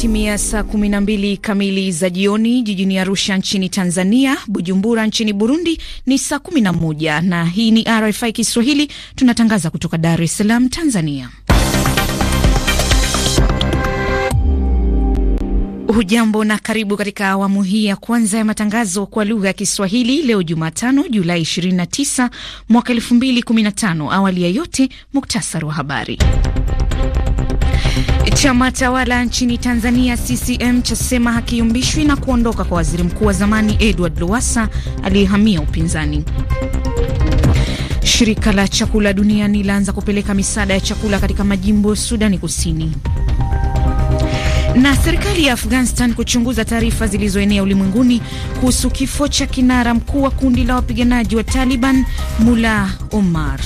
Imetimia saa 12 kamili za jioni jijini Arusha nchini Tanzania. Bujumbura nchini Burundi ni saa 11, na hii ni RFI Kiswahili. Tunatangaza kutoka Dar es Salaam, Tanzania. Hujambo na karibu katika awamu hii ya kwanza ya matangazo kwa lugha ya Kiswahili leo Jumatano, Julai 29 mwaka 2015. Awali ya yote, muktasari wa habari. Chama tawala nchini Tanzania CCM chasema hakiumbishwi na kuondoka kwa waziri mkuu wa zamani Edward Lowassa aliyehamia upinzani. Shirika la chakula duniani laanza kupeleka misaada ya chakula katika majimbo Sudani Kusini. Na serikali ya Afghanistan kuchunguza taarifa zilizoenea ulimwenguni kuhusu kifo cha kinara mkuu wa kundi la wapiganaji wa Taliban Mullah Omar.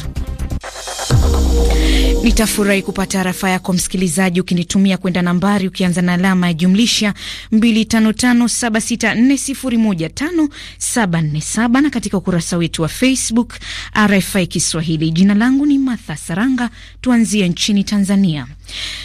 Nitafurahi kupata arafa yako msikilizaji, ukinitumia kwenda nambari ukianza na alama ya jumlisha 255764015747 na katika ukurasa wetu wa Facebook RFI Kiswahili. Jina langu ni Martha Saranga. Tuanzie nchini Tanzania.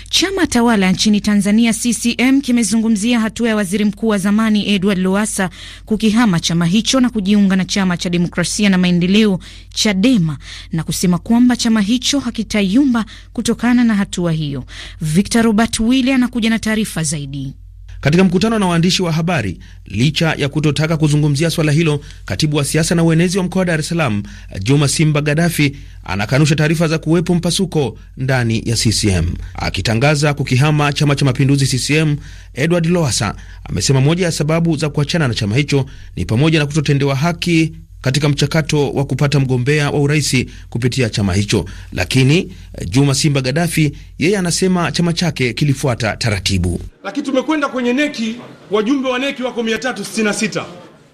Chama tawala nchini Tanzania CCM kimezungumzia hatua ya waziri mkuu wa zamani Edward Lowassa kukihama chama hicho na kujiunga na chama cha demokrasia na maendeleo Chadema na kusema kwamba chama hicho hakitayumba kutokana na hatua hiyo. Victor Robert Wille anakuja na taarifa zaidi katika mkutano na waandishi wa habari. Licha ya kutotaka kuzungumzia swala hilo, katibu wa siasa na uenezi wa mkoa wa Dar es Salaam Juma Simba Gadafi anakanusha taarifa za kuwepo mpasuko ndani ya CCM. Akitangaza kukihama Chama cha Mapinduzi CCM, Edward Lowasa amesema moja ya sababu za kuachana na chama hicho ni pamoja na kutotendewa haki katika mchakato wa kupata mgombea wa uraisi kupitia chama hicho, lakini eh, Juma Simba gadafi yeye anasema chama chake kilifuata taratibu. Lakini tumekwenda kwenye neki, wajumbe wa neki wako 366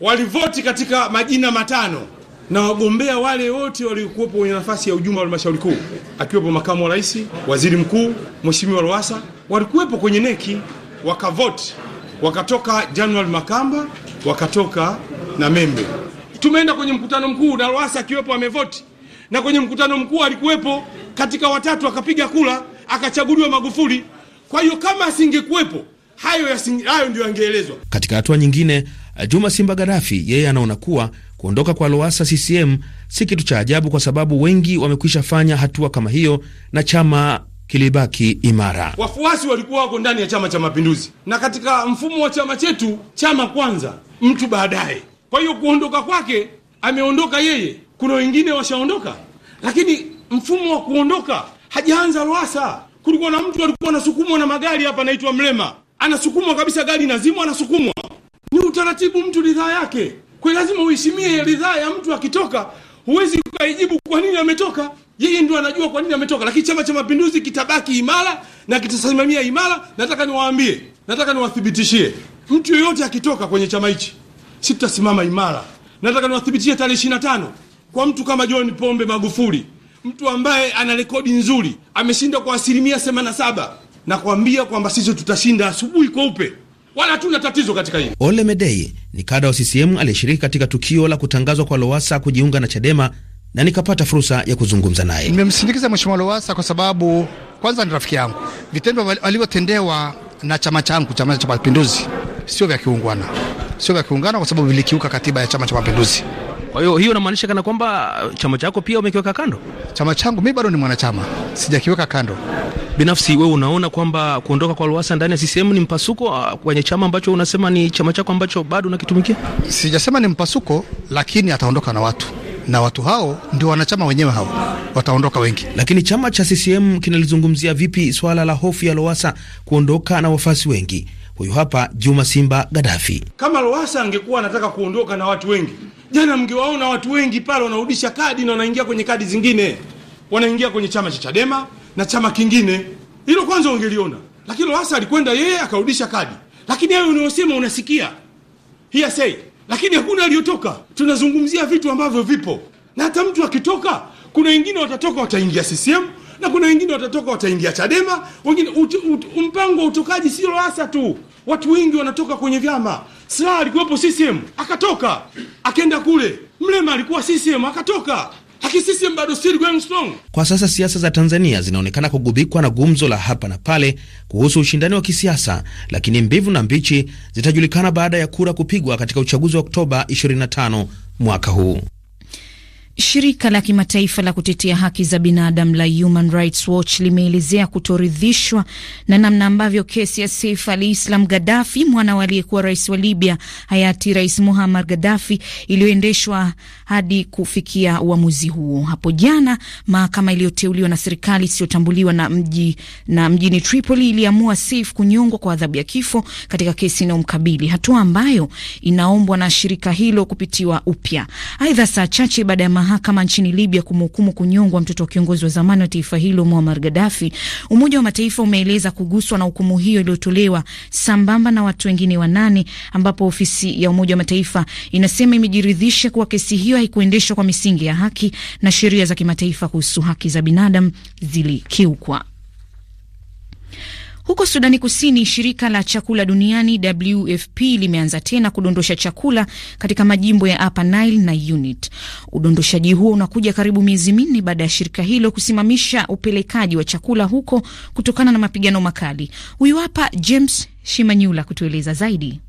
walivoti katika majina matano na wagombea wale wote waliokuwepo kwenye nafasi ya ujumbe wa halmashauri kuu, akiwepo makamu wa rais, waziri mkuu, mheshimiwa Lowassa, walikuwepo kwenye neki wakavoti, wakatoka January Makamba, wakatoka na Membe Tumeenda kwenye mkutano mkuu na Lowassa akiwepo amevoti, na kwenye mkutano mkuu alikuwepo katika watatu akapiga kula akachaguliwa Magufuli. Kwa hiyo kama asingekuwepo hayo yasingi, hayo ndio yangeelezwa. Katika hatua nyingine, Juma Simba gadafi yeye anaona kuwa kuondoka kwa Lowassa CCM si kitu cha ajabu kwa sababu wengi wamekwisha fanya hatua kama hiyo na chama kilibaki imara. Wafuasi walikuwa wako ndani ya Chama cha Mapinduzi, na katika mfumo wa chama chetu, chama kwanza, mtu baadaye. Kwa hiyo kuondoka kwake ameondoka yeye, kuna wengine washaondoka, lakini mfumo wa kuondoka hajaanza Lowassa. Kulikuwa na mtu alikuwa anasukumwa na magari hapa, anaitwa mlema anasukumwa kabisa, gari nazimwa, anasukumwa. Ni utaratibu, mtu ridhaa yake, kwa lazima uheshimie ridhaa ya mtu. Akitoka huwezi ukaijibu kwa nini ametoka, yeye ndio anajua kwa nini ametoka. Lakini Chama cha Mapinduzi kitabaki imara na kitasimamia imara. Nataka niwaambie, nataka niwathibitishie, mtu yoyote akitoka kwenye chama hichi si tutasimama imara. Nataka niwathibitie tarehe ishirini na tano kwa mtu kama John Pombe Magufuli, mtu ambaye ana rekodi nzuri, ameshinda kwa asilimia themanini na saba na kuambia kwamba sisi tutashinda asubuhi kweupe wala hatuna tatizo katika hili. Ole Medei ni kada wa CCM aliyeshiriki katika tukio la kutangazwa kwa Lowasa kujiunga na Chadema na nikapata fursa ya kuzungumza naye. Nimemsindikiza Mheshimiwa Lowasa kwa sababu kwanza ni rafiki yangu, vitendo walivyotendewa na chama changu, Chama cha Mapinduzi, sio vya kiungwana sio vya kiungano, kwa sababu vilikiuka katiba ya Chama cha Mapinduzi. Kwa hiyo hiyo inamaanisha kana kwamba uh, chama chako pia umekiweka kando? Chama changu mimi bado ni mwanachama, sijakiweka kando. Binafsi wewe unaona kwamba kuondoka kwa Lowassa ndani ya CCM ni mpasuko uh, kwenye chama ambacho unasema ni chama chako ambacho bado unakitumikia? Sijasema ni mpasuko, lakini ataondoka na watu na watu hao ndio wanachama wenyewe, hao wataondoka wengi. Lakini chama cha CCM kinalizungumzia vipi swala la hofu ya Lowassa kuondoka na wafasi wengi? Huyu hapa Juma Simba gadafi Kama Lowassa angekuwa anataka kuondoka na watu wengi, jana mngewaona watu wengi pale wanarudisha kadi na wanaingia kwenye kadi zingine, wanaingia kwenye chama cha Chadema na chama kingine. Hilo kwanza ungeliona, lakini Lowassa alikwenda yeye akarudisha kadi, lakini hayo unayosema unasikia hearsay, lakini hakuna aliyotoka. Tunazungumzia vitu ambavyo vipo, na hata mtu akitoka, kuna wengine watatoka wataingia CCM na kuna wengine watatoka wataingia Chadema, wengine ut, ut, mpango wa utokaji sio rasa tu, watu wengi wanatoka kwenye vyama. Slaa alikuwepo CCM akatoka akenda kule, mlema alikuwa CCM akatoka Kwa sasa siasa za Tanzania zinaonekana kugubikwa na gumzo la hapa na pale kuhusu ushindani wa kisiasa, lakini mbivu na mbichi zitajulikana baada ya kura kupigwa katika uchaguzi wa Oktoba 25 mwaka huu. Shirika la kimataifa la kutetea haki za binadamu la Human Rights Watch limeelezea kutoridhishwa na namna ambavyo kesi ya Saif al-Islam Gaddafi, mwana wa aliyekuwa rais wa Libya hayati Rais Muammar Gaddafi, iliyoendeshwa hadi kufikia uamuzi huo. Hapo jana, mahakama iliyoteuliwa na serikali isiyotambuliwa na mji na mjini Tripoli iliamua Saif kunyongwa kwa adhabu ya kifo katika kesi inayomkabili, hatua ambayo inaombwa na shirika hilo kupitiwa upya. Aidha, saa chache baada ya mahakama nchini Libya kumhukumu kunyongwa mtoto wa kiongozi wa zamani wa taifa hilo Muammar Gaddafi. Umoja wa Mataifa umeeleza kuguswa na hukumu hiyo iliyotolewa sambamba na watu wengine wanane, ambapo ofisi ya Umoja wa Mataifa inasema imejiridhisha kuwa kesi hiyo haikuendeshwa kwa misingi ya haki na sheria za kimataifa kuhusu haki za binadamu zilikiukwa. Huko Sudani Kusini, shirika la chakula duniani WFP limeanza tena kudondosha chakula katika majimbo ya Upper Nile na Unit. Udondoshaji huo unakuja karibu miezi minne baada ya shirika hilo kusimamisha upelekaji wa chakula huko kutokana na mapigano makali. Huyu hapa James Shimanyula kutueleza zaidi.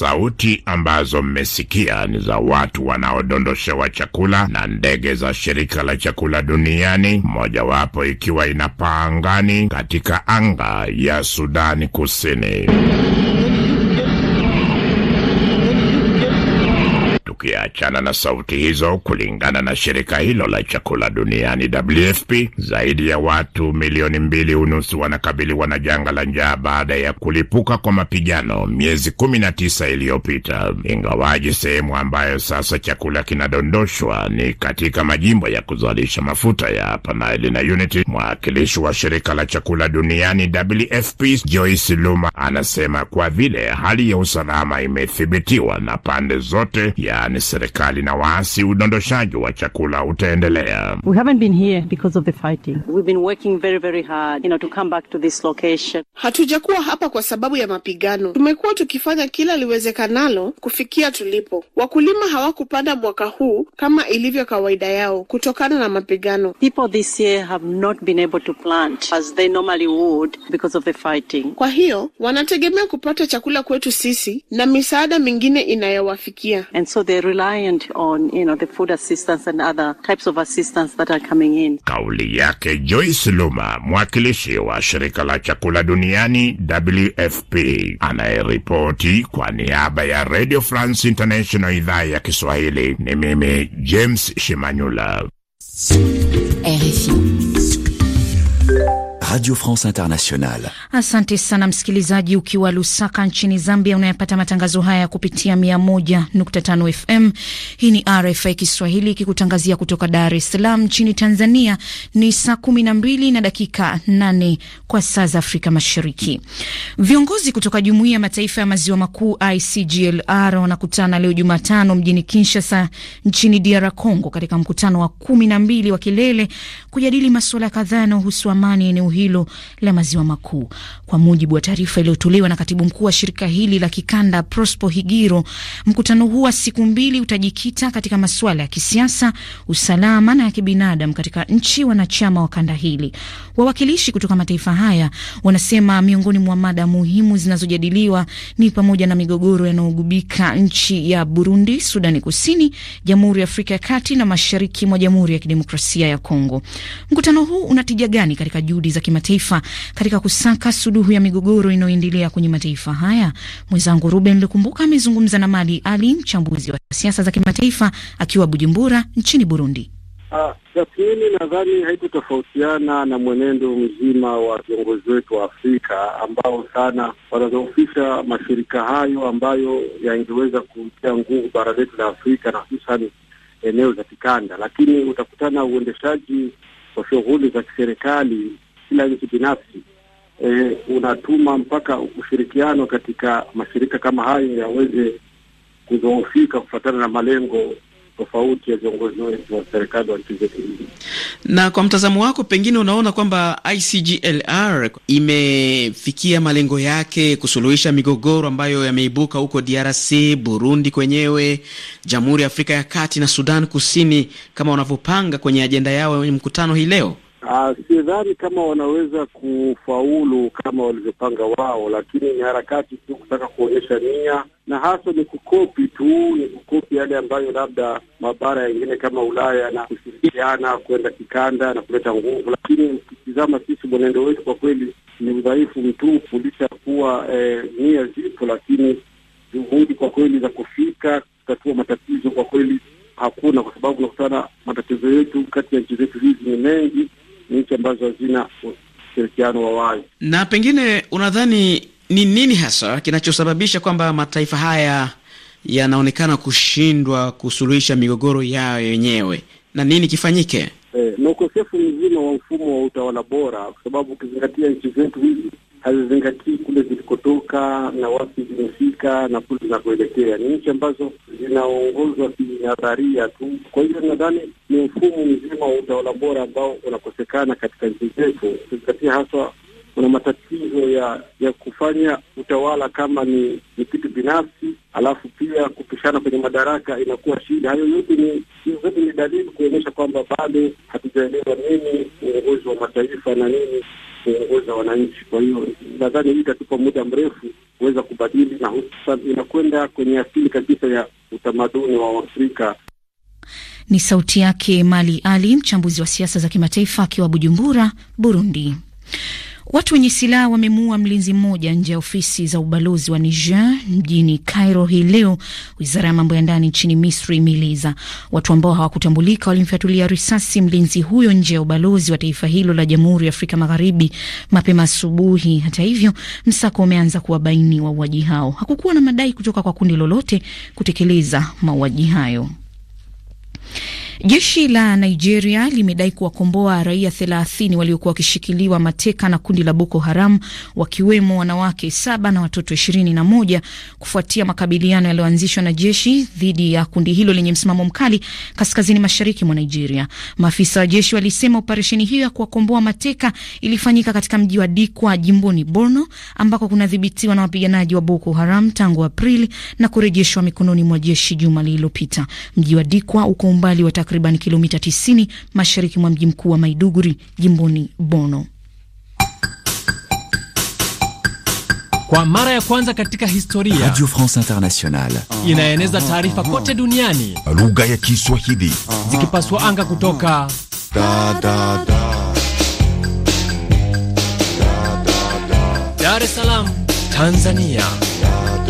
Sauti ambazo mmesikia ni za watu wanaodondoshewa chakula na ndege za shirika la chakula duniani, mojawapo ikiwa inapaa angani katika anga ya Sudani Kusini. Ukiachana na sauti hizo, kulingana na shirika hilo la chakula duniani WFP, zaidi ya watu milioni mbili unusu wanakabiliwa na janga la njaa baada ya kulipuka kwa mapigano miezi kumi na tisa iliyopita, ingawaji sehemu ambayo sasa chakula kinadondoshwa ni katika majimbo ya kuzalisha mafuta ya Panaili na Unity. Mwakilishi wa shirika la chakula duniani WFP Joyce Luma anasema kwa vile hali ya usalama imethibitiwa na pande zote ya Marekani, serikali na waasi, udondoshaji wa chakula utaendelea. Hatujakuwa hapa kwa sababu ya mapigano. Tumekuwa tukifanya kila liwezekanalo kufikia tulipo. Wakulima hawakupanda mwaka huu kama ilivyo kawaida yao kutokana na mapigano. Kwa hiyo wanategemea kupata chakula kwetu sisi na misaada mingine inayowafikia. And so reliant on, you know, the food assistance and other types of assistance that are coming in. Kauli yake Joyce Luma, mwakilishi wa shirika la chakula duniani WFP, anayeripoti kwa niaba ya Radio France International idhaa ya Kiswahili. Ni mimi James Shimanyula. Radio France Internationale. Asante sana msikilizaji, ukiwa Lusaka nchini Zambia unayapata matangazo haya kupitia 100.5 FM. Hii ni RFI Kiswahili ikikutangazia kutoka Dar es Salaam nchini Tanzania. Ni saa 12 na dakika 8 kwa saa za Afrika Mashariki. Viongozi kutoka Jumuiya ya Mataifa ya Maziwa Makuu ICGLR wanakutana leo Jumatano mjini Kinshasa nchini DR Congo katika mkutano wa 12 wa kilele kujadili masuala kadhaa yanayohusu amani eneo hilo la maziwa makuu. Kwa mujibu wa taarifa iliyotolewa na katibu mkuu wa shirika hili la kikanda Prospo Higiro, mkutano huu wa siku mbili utajikita katika masuala ya kisiasa, usalama na ya kibinadamu katika nchi wanachama wa kanda hili. Wawakilishi kutoka mataifa haya wanasema miongoni mwa mada muhimu zinazojadiliwa ni pamoja na migogoro yanayogubika nchi ya Burundi, Sudani Kusini, Jamhuri ya Afrika ya Kati na mashariki mwa Jamhuri ya Kidemokrasia ya Kongo. Mkutano huu unatija gani katika juhudi za kimataifa katika kusaka suluhu ya migogoro inayoendelea kwenye mataifa haya. Mwenzangu Ruben Likumbuka amezungumza na Mali Ali, mchambuzi wa siasa za kimataifa, akiwa Bujumbura nchini Burundi. Ah, tathmini ah, nadhani haikutofautiana na mwenendo mzima wa viongozi wetu wa Afrika ambao sana wanadhoofisha mashirika hayo ambayo yangeweza kutia nguvu bara letu la Afrika na hususan eneo za kikanda, lakini utakutana uendeshaji wa shughuli za kiserikali kila nchi binafsi e, unatuma mpaka ushirikiano katika mashirika kama hayo yaweze kudhoofika kufuatana na malengo tofauti ya viongozi wetu wa serikali wa nchi zetu hizi. Na kwa mtazamo wako, pengine unaona kwamba ICGLR imefikia malengo yake kusuluhisha migogoro ambayo yameibuka huko DRC, Burundi kwenyewe, Jamhuri ya Afrika ya Kati na Sudan Kusini, kama wanavyopanga kwenye ajenda yao ya mkutano hii leo? Uh, sidhani kama wanaweza kufaulu kama walivyopanga wao, lakini ni harakati tu kutaka kuonyesha nia, na hasa ni kukopi tu, ni kukopi yale ambayo labda mabara yengine kama Ulaya na kushirikiana kwenda kikanda na kuleta nguvu. Lakini ukitizama sisi mwenendo wetu kwa kweli ni udhaifu mtupu, licha ya kuwa eh, nia zipo, lakini juhudi kwa kweli za kufika kutatua matatizo kwa kweli hakuna, kwa sababu unakutana matatizo yetu kati ya nchi zetu hizi ni mengi nchi ambazo hazina ushirikiano wa wazi. Na pengine unadhani ni nini hasa kinachosababisha kwamba mataifa haya yanaonekana kushindwa kusuluhisha migogoro yao yenyewe na nini kifanyike? Eh, na ukosefu mzima wa mfumo wa utawala bora, kwa sababu ukizingatia nchi zetu hizi hazizingatii kule zilikotoka na wapi zimefika na kule zinakoelekea. Ni nchi ambazo zinaongozwa kinadharia tu. Kwa hivyo nadhani ni mfumo mzima wa utawala bora ambao unakosekana katika nchi zetu, ukizingatia haswa kuna matatizo ya ya kufanya utawala kama ni ni kitu binafsi, alafu pia kupishana kwenye madaraka inakuwa shida. Hayo yote ni yote ni dalili kuonyesha kwamba bado hatujaelewa nini uongozi wa mataifa na nini kuongoza wananchi. Kwa hiyo nadhani hii itatupa muda mrefu kuweza kubadili, na hususan inakwenda kwenye asili kabisa ya utamaduni wa Afrika. Ni sauti yake Mali Ali, mchambuzi wa siasa za kimataifa akiwa Bujumbura, Burundi. Watu wenye silaha wamemuua mlinzi mmoja nje ya ofisi za ubalozi wa Niger mjini Cairo hii leo, wizara ya mambo ya ndani nchini Misri imeeleza. Watu ambao hawakutambulika walimfyatulia risasi mlinzi huyo nje ya ubalozi wa taifa hilo la Jamhuri ya Afrika Magharibi mapema asubuhi. Hata hivyo, msako umeanza kuwabaini wauaji hao. Hakukuwa na madai kutoka kwa kundi lolote kutekeleza mauaji hayo. Jeshi la Nigeria limedai kuwakomboa raia thelathini waliokuwa wakishikiliwa mateka na kundi la Boko Haram, wakiwemo wanawake saba na watoto ishirini na moja kufuatia makabiliano yaliyoanzishwa na jeshi dhidi ya kundi hilo lenye msimamo mkali kaskazini mashariki mwa Nigeria. Maafisa wa jeshi walisema operesheni hiyo ya kuwakomboa mateka ilifanyika katika mji wa Dikwa jimboni Borno, ambako kunadhibitiwa na wapiganaji wa Boko Haram tangu Aprili na kurejeshwa mikononi mwa jeshi juma lililopita. Mji wa Dikwa uko umbali wa takriban kilomita 90 mashariki mwa mji mkuu wa Maiduguri jimboni Bono. Kwa mara ya kwanza katika historia, Radio France Internationale inaeneza taarifa kote duniani lugha ya Kiswahili zikipaswa anga kutoka da, da, da. Dar es Salaam, Tanzania. Da, da.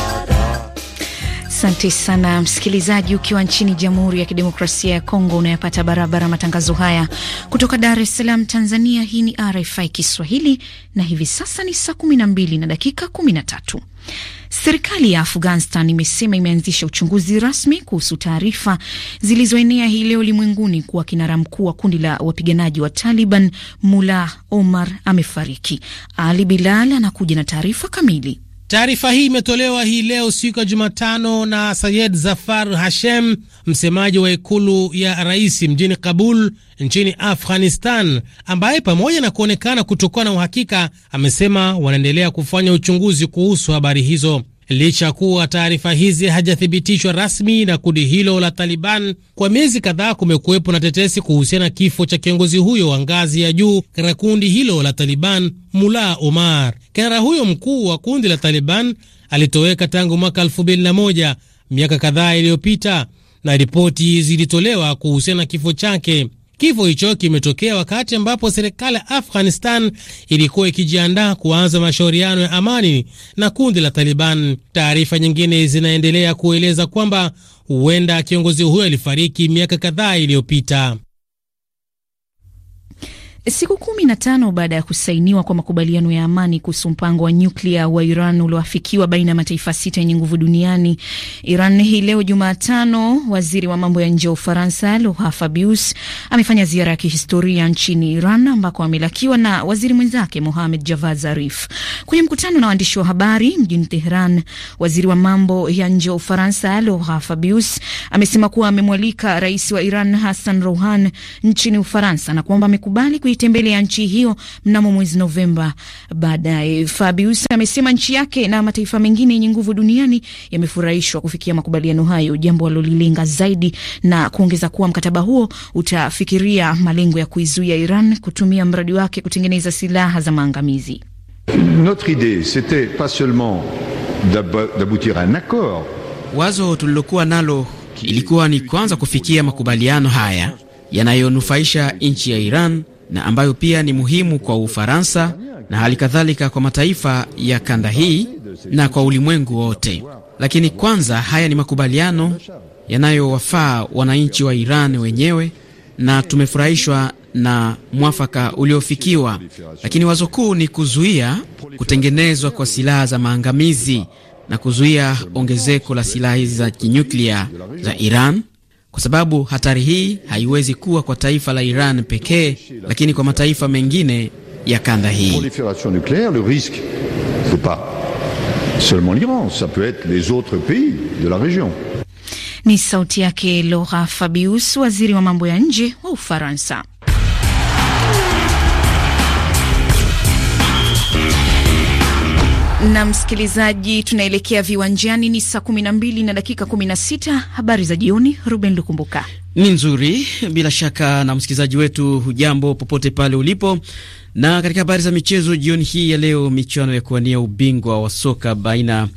Asante sana msikilizaji, ukiwa nchini Jamhuri ya Kidemokrasia ya Kongo unayapata barabara matangazo haya kutoka Dar es Salaam, Tanzania. Hii ni RFI Kiswahili na hivi sasa ni saa kumi na dakika 1tatu Serikali ya Afghanistan imesema imeanzisha uchunguzi rasmi kuhusu taarifa zilizoenea hii leo ulimwenguni kuwa kinara mkuu wa kundi la wapiganaji wa Taliban Mula Omar amefariki. Ali Bilal anakuja na taarifa kamili. Taarifa hii imetolewa hii leo siku ya Jumatano na Sayed Zafar Hashem, msemaji wa ikulu ya rais mjini Kabul nchini Afghanistan, ambaye pamoja na kuonekana kutokuwa na uhakika, amesema wanaendelea kufanya uchunguzi kuhusu habari hizo licha kuwa taarifa hizi hajathibitishwa rasmi na kundi hilo la Taliban. Kwa miezi kadhaa kumekuwepo na tetesi kuhusiana na kifo cha kiongozi huyo wa ngazi ya juu katika kundi hilo la Taliban, mula Omar. Kinara huyo mkuu wa kundi la Taliban alitoweka tangu mwaka 2001, miaka kadhaa iliyopita, na ripoti zilitolewa kuhusiana na kifo chake. Kifo hicho kimetokea wakati ambapo serikali ya Afghanistan ilikuwa ikijiandaa kuanza mashauriano ya amani na kundi la Taliban. Taarifa nyingine zinaendelea kueleza kwamba huenda kiongozi huyo alifariki miaka kadhaa iliyopita. Siku kumi na tano baada ya kusainiwa kwa makubaliano ya amani kuhusu mpango wa nyuklia wa Iran ulioafikiwa baina ya mataifa sita yenye nguvu duniani, Iran hii leo Jumatano, waziri wa mambo ya nje wa Ufaransa Laurent Fabius amefanya ziara ya kihistoria nchini Iran ambako amelakiwa na waziri mwenzake Mohamed Javad Zarif. Kwenye mkutano na waandishi wa habari mjini Tehran, waziri wa mambo ya nje wa Ufaransa Laurent Fabius amesema kuwa amemwalika rais wa Iran Hassan Rouhani nchini Ufaransa na kwamba amekubali kuitembelea nchi hiyo mnamo mwezi Novemba baadaye. Fabius amesema nchi yake na mataifa mengine yenye nguvu duniani yamefurahishwa kufikia makubaliano hayo, jambo alilolilenga zaidi, na kuongeza kuwa mkataba huo utafikiria malengo ya kuizuia Iran kutumia mradi wake kutengeneza silaha za maangamizi. Notre idee c'était pas seulement d'aboutir à un accord. Wazo tulilokuwa nalo ilikuwa ni kwanza kufikia makubaliano haya yanayonufaisha nchi ya Iran na ambayo pia ni muhimu kwa Ufaransa na hali kadhalika kwa mataifa ya kanda hii na kwa ulimwengu wote. Lakini kwanza, haya ni makubaliano yanayowafaa wananchi wa Iran wenyewe, na tumefurahishwa na mwafaka uliofikiwa, lakini wazo kuu ni kuzuia kutengenezwa kwa silaha za maangamizi na kuzuia ongezeko la silaha hizi za kinyuklia za Iran kwa sababu hatari hii haiwezi kuwa kwa taifa la Iran pekee, lakini kwa mataifa mengine ya kanda hii. Ni sauti yake Laura Fabius, waziri wa mambo ya nje wa Ufaransa. na msikilizaji, tunaelekea viwanjani. Ni saa kumi na mbili na dakika kumi na sita. Habari za jioni, Ruben Lukumbuka ni nzuri bila shaka, na msikilizaji wetu, hujambo popote pale ulipo. Na katika habari za michezo jioni hii ya leo, michuano ya kuwania ubingwa wa soka baina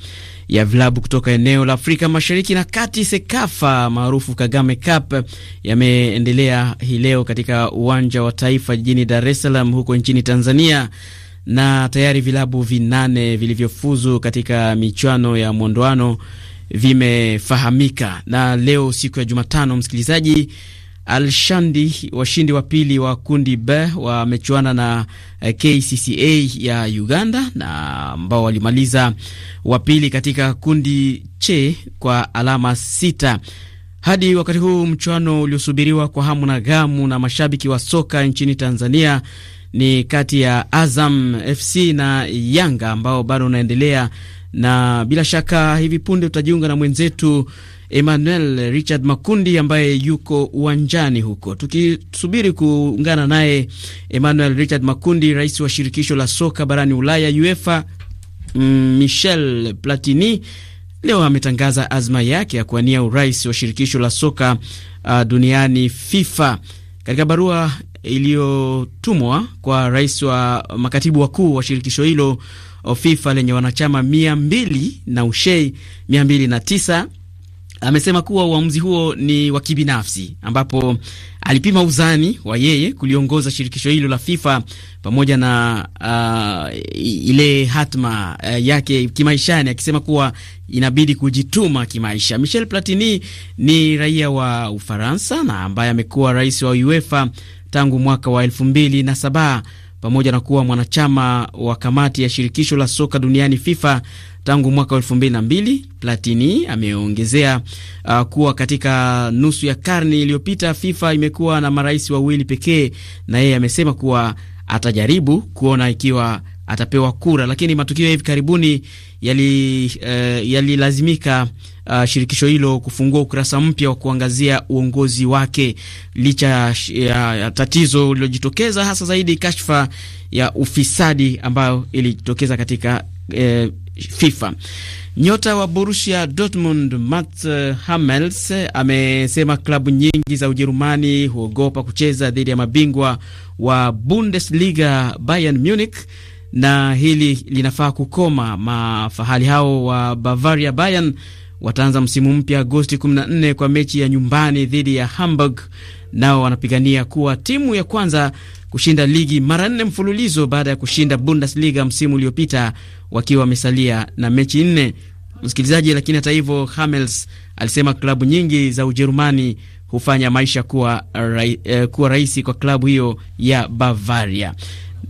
ya vilabu kutoka eneo la Afrika Mashariki na Kati, SEKAFA maarufu Kagame Cup, yameendelea hii leo katika uwanja wa Taifa jijini Dar es Salaam huko nchini Tanzania na tayari vilabu vinane vilivyofuzu katika michuano ya mwondoano vimefahamika. Na leo siku ya Jumatano, msikilizaji, Alshandi, washindi wa pili wa kundi B, wamechuana na eh, KCCA ya Uganda na ambao walimaliza wa pili katika kundi C kwa alama sita. Hadi wakati huu mchuano uliosubiriwa kwa hamu na gamu na mashabiki wa soka nchini Tanzania ni kati ya Azam FC na Yanga ambao bado unaendelea, na bila shaka hivi punde tutajiunga na mwenzetu Emmanuel Richard Makundi ambaye yuko uwanjani huko, tukisubiri kuungana naye. Emmanuel Richard Makundi, rais wa shirikisho la soka barani Ulaya UEFA, mm, Michel Platini leo ametangaza azma yake ya kuwania urais wa shirikisho la soka uh, duniani FIFA. Katika barua iliyotumwa kwa rais wa makatibu wakuu wa shirikisho hilo FIFA lenye wanachama mia mbili na Ushei mia mbili na tisa amesema kuwa uamuzi huo ni wa kibinafsi, ambapo alipima uzani wa yeye kuliongoza shirikisho hilo la FIFA pamoja na uh, ile hatma uh, yake kimaishani, akisema kuwa inabidi kujituma kimaisha. Michel Platini ni raia wa Ufaransa na ambaye amekuwa rais wa UEFA tangu mwaka wa 2007 pamoja na kuwa mwanachama wa kamati ya shirikisho la soka duniani FIFA tangu mwaka wa 2002. Platini ameongezea uh, kuwa katika nusu ya karne iliyopita FIFA imekuwa na marais wawili pekee, na yeye amesema kuwa atajaribu kuona ikiwa atapewa kura, lakini matukio ya hivi karibuni eh, yalilazimika uh, ah, yali uh, shirikisho hilo kufungua ukurasa mpya wa kuangazia uongozi wake licha ya uh, tatizo lilojitokeza hasa zaidi kashfa ya ufisadi ambayo ilijitokeza katika uh, FIFA. Nyota wa Borussia Dortmund Mats eh, Hummels amesema klabu nyingi za Ujerumani huogopa kucheza dhidi ya mabingwa wa Bundesliga Bayern Munich na hili linafaa kukoma. Mafahali hao wa Bavaria Bayern wataanza msimu mpya Agosti 14 kwa mechi ya nyumbani dhidi ya Hamburg. Nao wanapigania kuwa timu ya kwanza kushinda ligi mara nne mfululizo baada ya kushinda Bundesliga msimu uliopita wakiwa wamesalia na mechi nne, msikilizaji. Lakini hata hivyo, Hamels alisema klabu nyingi za Ujerumani hufanya maisha kuwa, ra eh, kuwa rahisi kwa klabu hiyo ya Bavaria.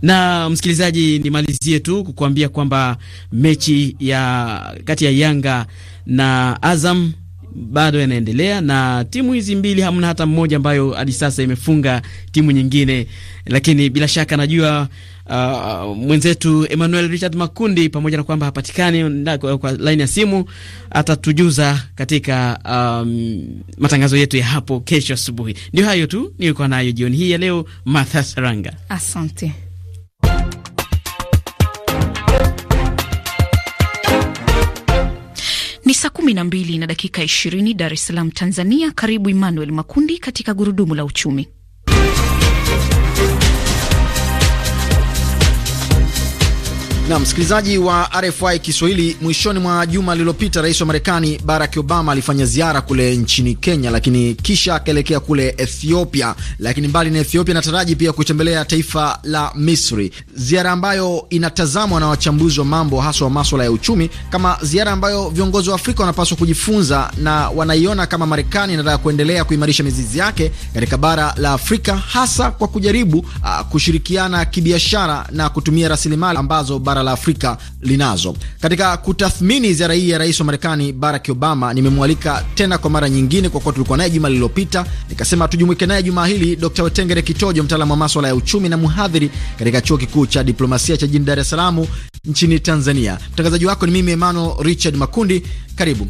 Na msikilizaji, nimalizie tu kukuambia kwamba mechi ya kati ya Yanga na Azam bado yanaendelea na timu hizi mbili hamna hata mmoja ambayo hadi sasa imefunga timu nyingine, lakini bila shaka najua uh, mwenzetu Emmanuel Richard Makundi pamoja na kwamba hapatikani kwa, kwa laini ya simu atatujuza katika um, matangazo yetu ya hapo kesho asubuhi. Ndio hayo tu nilikuwa nayo jioni hii ya leo. Martha Saranga, asante. Ni saa kumi na mbili na dakika ishirini Dar es Salaam, Tanzania. Karibu Emmanuel Makundi katika gurudumu la uchumi. Na msikilizaji wa RFI Kiswahili, mwishoni mwa juma lililopita, rais wa Marekani Barack Obama alifanya ziara kule nchini Kenya, lakini kisha akaelekea kule Ethiopia. Lakini mbali na Ethiopia, anataraji pia kutembelea taifa la Misri, ziara ambayo inatazamwa na wachambuzi wa mambo haswa wa maswala ya uchumi kama ziara ambayo viongozi wa Afrika wanapaswa kujifunza, na wanaiona kama Marekani inataka kuendelea kuimarisha mizizi yake katika bara la Afrika, hasa kwa kujaribu uh, kushirikiana kibiashara na kutumia rasilimali ambazo bara la Afrika linazo. Katika kutathmini ziara hii ya rais wa Marekani Barack Obama, nimemwalika tena kwa mara nyingine, kwa kuwa tulikuwa naye juma lililopita, nikasema tujumuike naye juma hili, Dr Wetengere Kitojo, mtaalamu wa maswala ya uchumi na mhadhiri katika chuo kikuu cha diplomasia cha jijini Dar es Salaam nchini Tanzania. Mtangazaji wako ni mimi Emmanuel Richard Makundi. Karibu.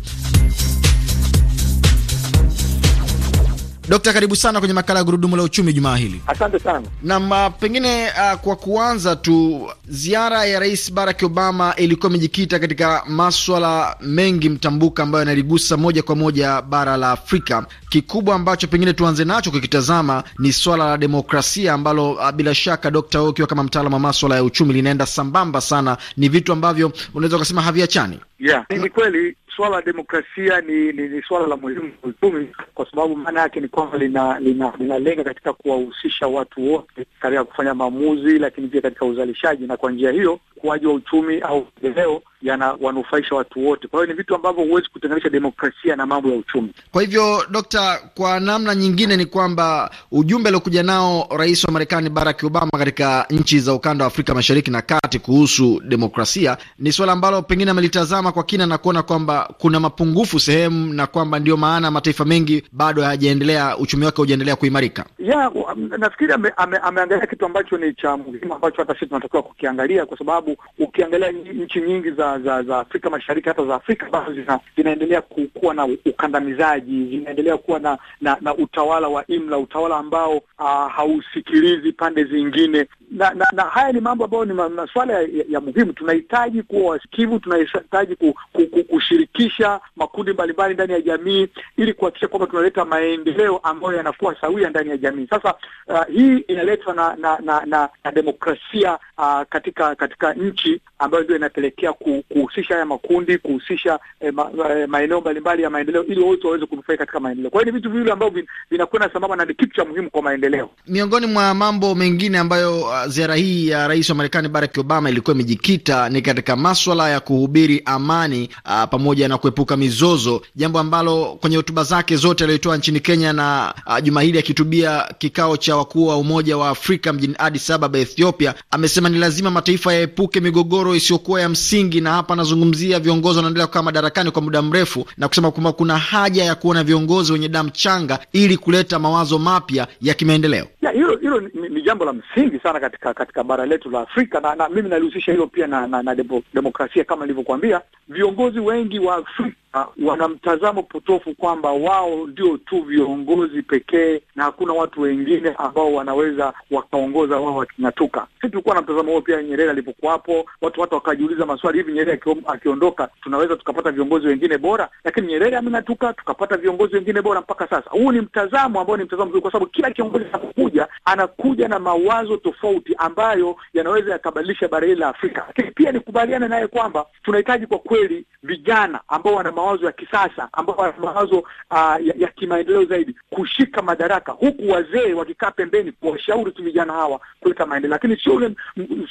Dokta, karibu sana kwenye makala ya gurudumu la uchumi jumaa hili. Asante sana. nam. Ah, pengine uh, kwa kuanza tu, ziara ya Rais Barack Obama ilikuwa imejikita katika maswala mengi mtambuka ambayo yanaligusa moja kwa moja bara la Afrika. Kikubwa ambacho pengine tuanze nacho kukitazama ni swala la demokrasia ambalo, uh, bila shaka Dokta, wewe ukiwa kama mtaalam wa maswala ya uchumi, linaenda sambamba sana, ni vitu ambavyo unaweza ukasema haviachani. Yeah, ni kweli swala la demokrasia ni, ni, ni swala la muhimu uchumi, kwa sababu maana yake ni kwamba linalenga lina, lina katika kuwahusisha watu wote katika kufanya maamuzi, lakini pia katika uzalishaji, na kwa njia hiyo ukuaji wa uchumi au maendeleo yanawanufaisha watu wote. Kwa hiyo ni vitu ambavyo huwezi kutenganisha demokrasia na mambo ya uchumi. Kwa hivyo, Dokta, kwa namna nyingine ni kwamba ujumbe aliokuja nao rais wa Marekani Barack Obama katika nchi za ukanda wa Afrika Mashariki na Kati kuhusu demokrasia ni suala ambalo pengine amelitazama kwa kina na kuona kwamba kuna mapungufu sehemu, na kwamba ndio maana mataifa mengi bado hayajaendelea, uchumi wake haujaendelea kuimarika. nafkiri nafikiri ameangalia ame, ame kitu ambacho ni cha muhimu ambacho hata sisi tunatakiwa kukiangalia, kwa sababu ukiangalia nchi nyingi za za, za, za Afrika Mashariki hata za Afrika bado zina, zinaendelea kuwa na ukandamizaji, zinaendelea kuwa na, na, na utawala wa imla, utawala ambao uh, hausikilizi pande zingine na, na, na haya ni mambo ambayo ni masuala ya, ya muhimu. Tunahitaji kuwa wasikivu, tunahitaji ku, ku, ku, kushirikisha makundi mbalimbali ndani ya jamii ili kuhakikisha kwamba tunaleta maendeleo ambayo yanakuwa sawia ndani ya jamii. Sasa uh, hii inaletwa na na, na, na, na demokrasia uh, katika katika nchi ambayo ndio inapelekea ku kuhusisha haya makundi, kuhusisha eh, ma, eh, maeneo mbalimbali ya maendeleo ili wote waweze kunufaika katika maendeleo. Kwa hiyo ni vitu viwili ambavyo vinakwenda sambamba na ni kitu cha muhimu kwa maendeleo. Miongoni mwa mambo mengine ambayo uh, ziara hii ya rais wa Marekani Barack Obama ilikuwa imejikita ni katika maswala ya kuhubiri amani uh, pamoja na kuepuka mizozo, jambo ambalo kwenye hotuba zake zote aliyotoa nchini Kenya na uh, juma hili akihutubia kikao cha wakuu wa Umoja wa Afrika mjini Addis Ababa, Ethiopia, amesema ni lazima mataifa yaepuke migogoro isiyokuwa ya msingi na hapa anazungumzia viongozi wanaendelea kukaa madarakani kwa muda mrefu, na kusema kwamba kuna haja ya kuona viongozi wenye damu changa ili kuleta mawazo mapya ya kimaendeleo. Hilo hilo ni, ni jambo la msingi sana katika katika bara letu la Afrika na, na mimi nalihusisha hilo pia na, na, na demokrasia kama nilivyokuambia, viongozi wengi wa Afrika uh, wana mtazamo potofu kwamba wao ndio tu viongozi pekee na hakuna watu wengine ambao wanaweza wakaongoza wao waking'atuka. Sisi tulikuwa na mtazamo huo pia Nyerere alipokuwapo, watu watu wakajiuliza maswali, hivi Nyerere akiondoka tunaweza tukapata viongozi wengine bora? Lakini Nyerere ameng'atuka, tukapata viongozi wengine bora mpaka sasa. Huu ni mtazamo ambao ni mtazamo mzuri, kwa sababu kila kiongozi anapokuja anakuja na mawazo tofauti ambayo yanaweza yakabadilisha bara hili la Afrika. Lakini pia nikubaliane naye kwamba tunahitaji kwa kweli vijana ambao wana mawazo ya kisasa ambao mawazo uh, ya, ya kimaendeleo zaidi kushika madaraka, huku wazee wakikaa pembeni kuwashauri tu vijana hawa kuleta maendeleo, lakini sio ule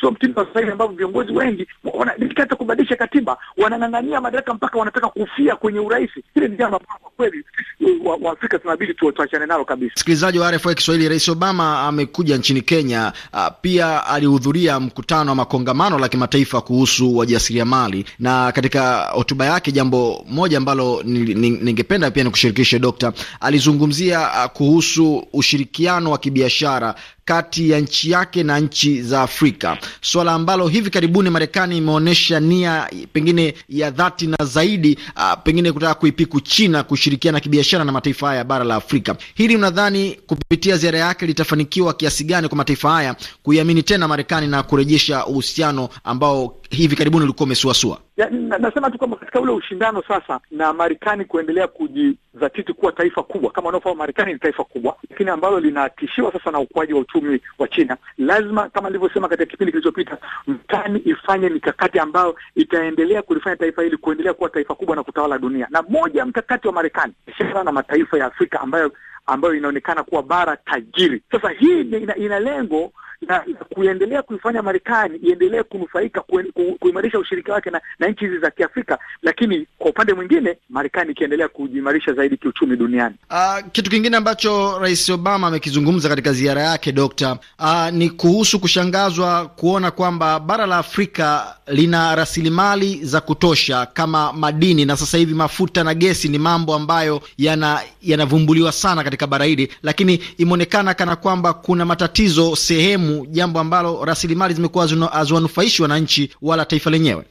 sio mtindo wa sasa hivi ambavyo viongozi wengi wanataka kubadilisha katiba, wanang'ang'ania madaraka mpaka wanataka kufia kwenye urais. Ile ni jambo ambalo kwa kweli Waafrika tunabidi tuachane nalo kabisa. Msikilizaji wa RFI Kiswahili, Rais Obama amekuja nchini Kenya. uh, pia alihudhuria mkutano wa makongamano la kimataifa kuhusu wajasiriamali, na katika hotuba yake jambo moja ambalo ningependa pia nikushirikishe Dokta. Alizungumzia ah, kuhusu ushirikiano wa kibiashara kati ya nchi yake na nchi za Afrika, suala ambalo hivi karibuni Marekani imeonyesha nia pengine ya dhati na zaidi a, ah, pengine kutaka kuipiku China kushirikiana kibiashara na mataifa haya ya bara la Afrika. Hili unadhani kupitia ziara yake litafanikiwa kiasi gani kwa mataifa haya kuiamini tena Marekani na kurejesha uhusiano ambao hivi karibuni ulikuwa umesuasua? Ya, na, nasema tu kwamba katika ule ushindano sasa na Marekani kuendelea kujizatiti kuwa taifa kubwa, kama unaofahamu Marekani ni taifa kubwa, lakini ambalo linatishiwa sasa na ukuaji wa uchumi wa China. Lazima kama nilivyosema katika kipindi kilichopita, mtani ifanye mikakati ambayo itaendelea kulifanya taifa hili kuendelea kuwa taifa kubwa na kutawala dunia, na moja mkakati wa Marekani ishara na mataifa ya Afrika ambayo ambayo inaonekana kuwa bara tajiri. Sasa hii ina, ina lengo na, na kuendelea kuifanya Marekani iendelee kunufaika kuimarisha ushirika wake na, na nchi hizi za Kiafrika, lakini kwa upande mwingine Marekani ikiendelea kujiimarisha zaidi kiuchumi duniani. Uh, kitu kingine ambacho Rais Obama amekizungumza katika ziara yake Dokta, uh, ni kuhusu kushangazwa kuona kwamba bara la Afrika lina rasilimali za kutosha kama madini na sasa hivi mafuta na gesi ni mambo ambayo yanavumbuliwa yana sana katika bara hili, lakini imeonekana kana kwamba kuna matatizo sehemu elimu, jambo ambalo rasilimali zimekuwa haziwanufaishi wananchi wala taifa lenyewe.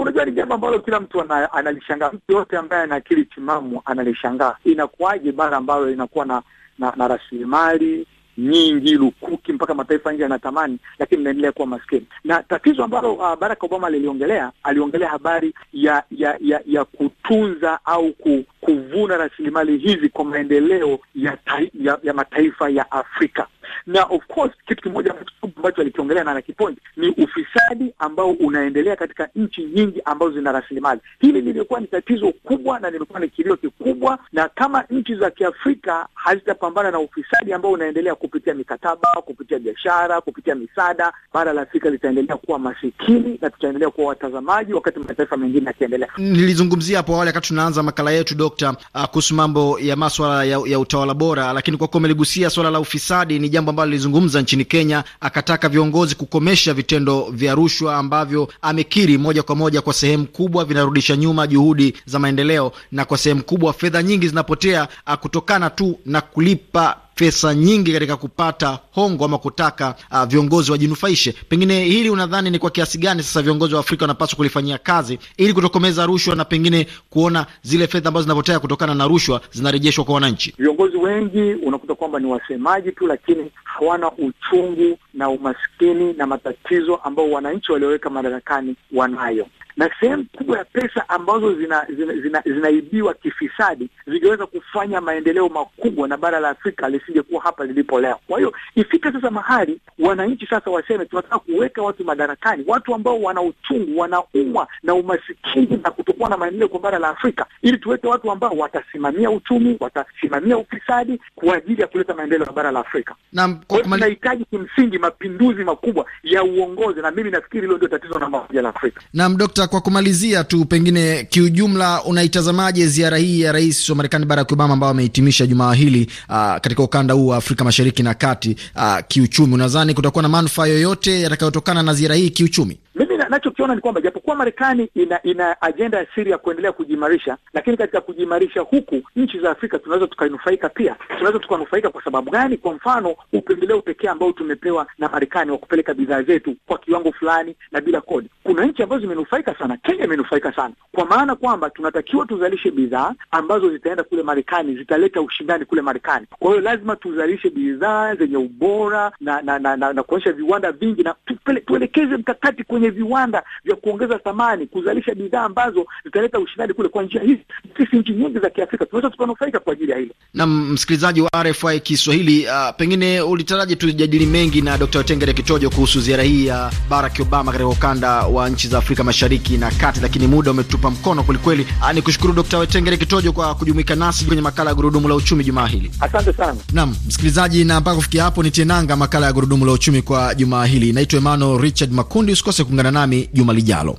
Unajua, ni jambo ambalo kila mtu analishangaa, mtu yote ambaye ana akili timamu analishangaa, inakuwaje bara ambalo linakuwa na, na, na rasilimali nyingi lukuki mpaka mataifa nje yanatamani, lakini inaendelea kuwa maskini. Na tatizo ambalo uh, Barack Obama aliliongelea, aliongelea habari ya ya ya, ya kutunza au ku, kuvuna rasilimali hizi kwa maendeleo ya, ya, ya mataifa ya Afrika na of course kitu kimoja ambacho alikiongelea na nakipoint ni ufisadi ambao unaendelea katika nchi nyingi ambazo zina rasilimali. Hili limekuwa ni tatizo kubwa na limekuwa ni kilio kikubwa, na kama nchi za Kiafrika hazitapambana na ufisadi ambao unaendelea kupitia mikataba, kupitia biashara, kupitia misaada, bara la Afrika litaendelea kuwa masikini na tutaendelea kuwa watazamaji wakati mataifa mengine yakiendelea. Nilizungumzia hapo awali wakati tunaanza makala yetu Dokta, ah, kuhusu mambo ya maswala ya, ya utawala bora, lakini kwa kuwa umeligusia swala la ufisadi ni jambo ambalo lilizungumza nchini Kenya, akataka viongozi kukomesha vitendo vya rushwa ambavyo amekiri moja kwa moja kwa sehemu kubwa vinarudisha nyuma juhudi za maendeleo, na kwa sehemu kubwa fedha nyingi zinapotea kutokana tu na kulipa pesa nyingi katika kupata hongo ama kutaka uh, viongozi wajinufaishe. Pengine hili unadhani ni kwa kiasi gani sasa viongozi wa Afrika wanapaswa kulifanyia kazi ili kutokomeza rushwa na pengine kuona zile fedha ambazo zinapotea kutokana na rushwa zinarejeshwa kwa wananchi? Viongozi wengi unakuta kwamba ni wasemaji tu, lakini hawana uchungu na umaskini na matatizo ambao wananchi walioweka madarakani wanayo na sehemu kubwa ya pesa ambazo zinaibiwa zina, zina, zina kifisadi zingeweza kufanya maendeleo makubwa na bara la Afrika lisingekuwa hapa lilipo leo. Kwa hiyo ifike sasa mahali wananchi sasa waseme tunataka kuweka watu madarakani, watu ambao wana uchungu, wanaumwa na umasikini na kutokuwa na maendeleo kwa bara la Afrika, ili tuweke watu ambao watasimamia uchumi, watasimamia ufisadi kwa ajili ya kuleta maendeleo ya bara la Afrika. Tunahitaji kimsingi mapinduzi makubwa ya uongozi, na mimi nafikiri hilo ndio tatizo namba moja la Afrika. Naam, Dkt, kwa kumalizia tu, pengine kiujumla, unaitazamaje ziara hii ya rais wa Marekani Barack Obama ambayo amehitimisha jumaa hili uh, katika ukanda huu wa Afrika mashariki na kati uh, kiuchumi, unadhani kutakuwa na manufaa yoyote yatakayotokana na ziara hii kiuchumi? Mimi nachokiona ni kwamba japokuwa Marekani ina ina ajenda ya siri ya kuendelea kujiimarisha, lakini katika kujiimarisha huku nchi za Afrika tunaweza tukanufaika pia. Tunaweza tukanufaika kwa sababu gani? Kwa mfano, upendeleo pekee ambao tumepewa na Marekani wa kupeleka bidhaa zetu kwa kiwango fulani na bila kodi, kuna nchi ambazo zimenufaika imenufaika sana, Kenya imenufaika sana, kwa maana kwamba tunatakiwa tuzalishe bidhaa ambazo zitaenda kule Marekani, zitaleta ushindani kule Marekani. Kwa hiyo lazima tuzalishe bidhaa zenye ubora na na, na, na, na kuonyesha viwanda vingi na tupele, tuelekeze mkakati kwenye viwanda vya kuongeza thamani, kuzalisha bidhaa ambazo zitaleta ushindani kule. Kwa njia hizi sisi nchi nyingi za Kiafrika tunaweza tukanufaika kwa ajili ya hilo. Na msikilizaji wa RFI Kiswahili, uh, pengine ulitaraji tujadili mengi na Dr. Tengere Kitojo kuhusu ziara hii ya Barack Obama katika ukanda wa nchi za Afrika Mashariki. Mashariki na Kati, lakini muda umetupa mkono kwelikweli. Ni kushukuru Dkt. Wetengere Kitojo kwa kujumuika nasi kwenye makala ya Gurudumu la Uchumi jumaa hili, asante sana. nam msikilizaji, na mpaka kufikia hapo nitienanga makala ya Gurudumu la Uchumi kwa jumaa hili. Naitwa Emmanuel Richard Makundi, usikose kuungana nami juma lijalo.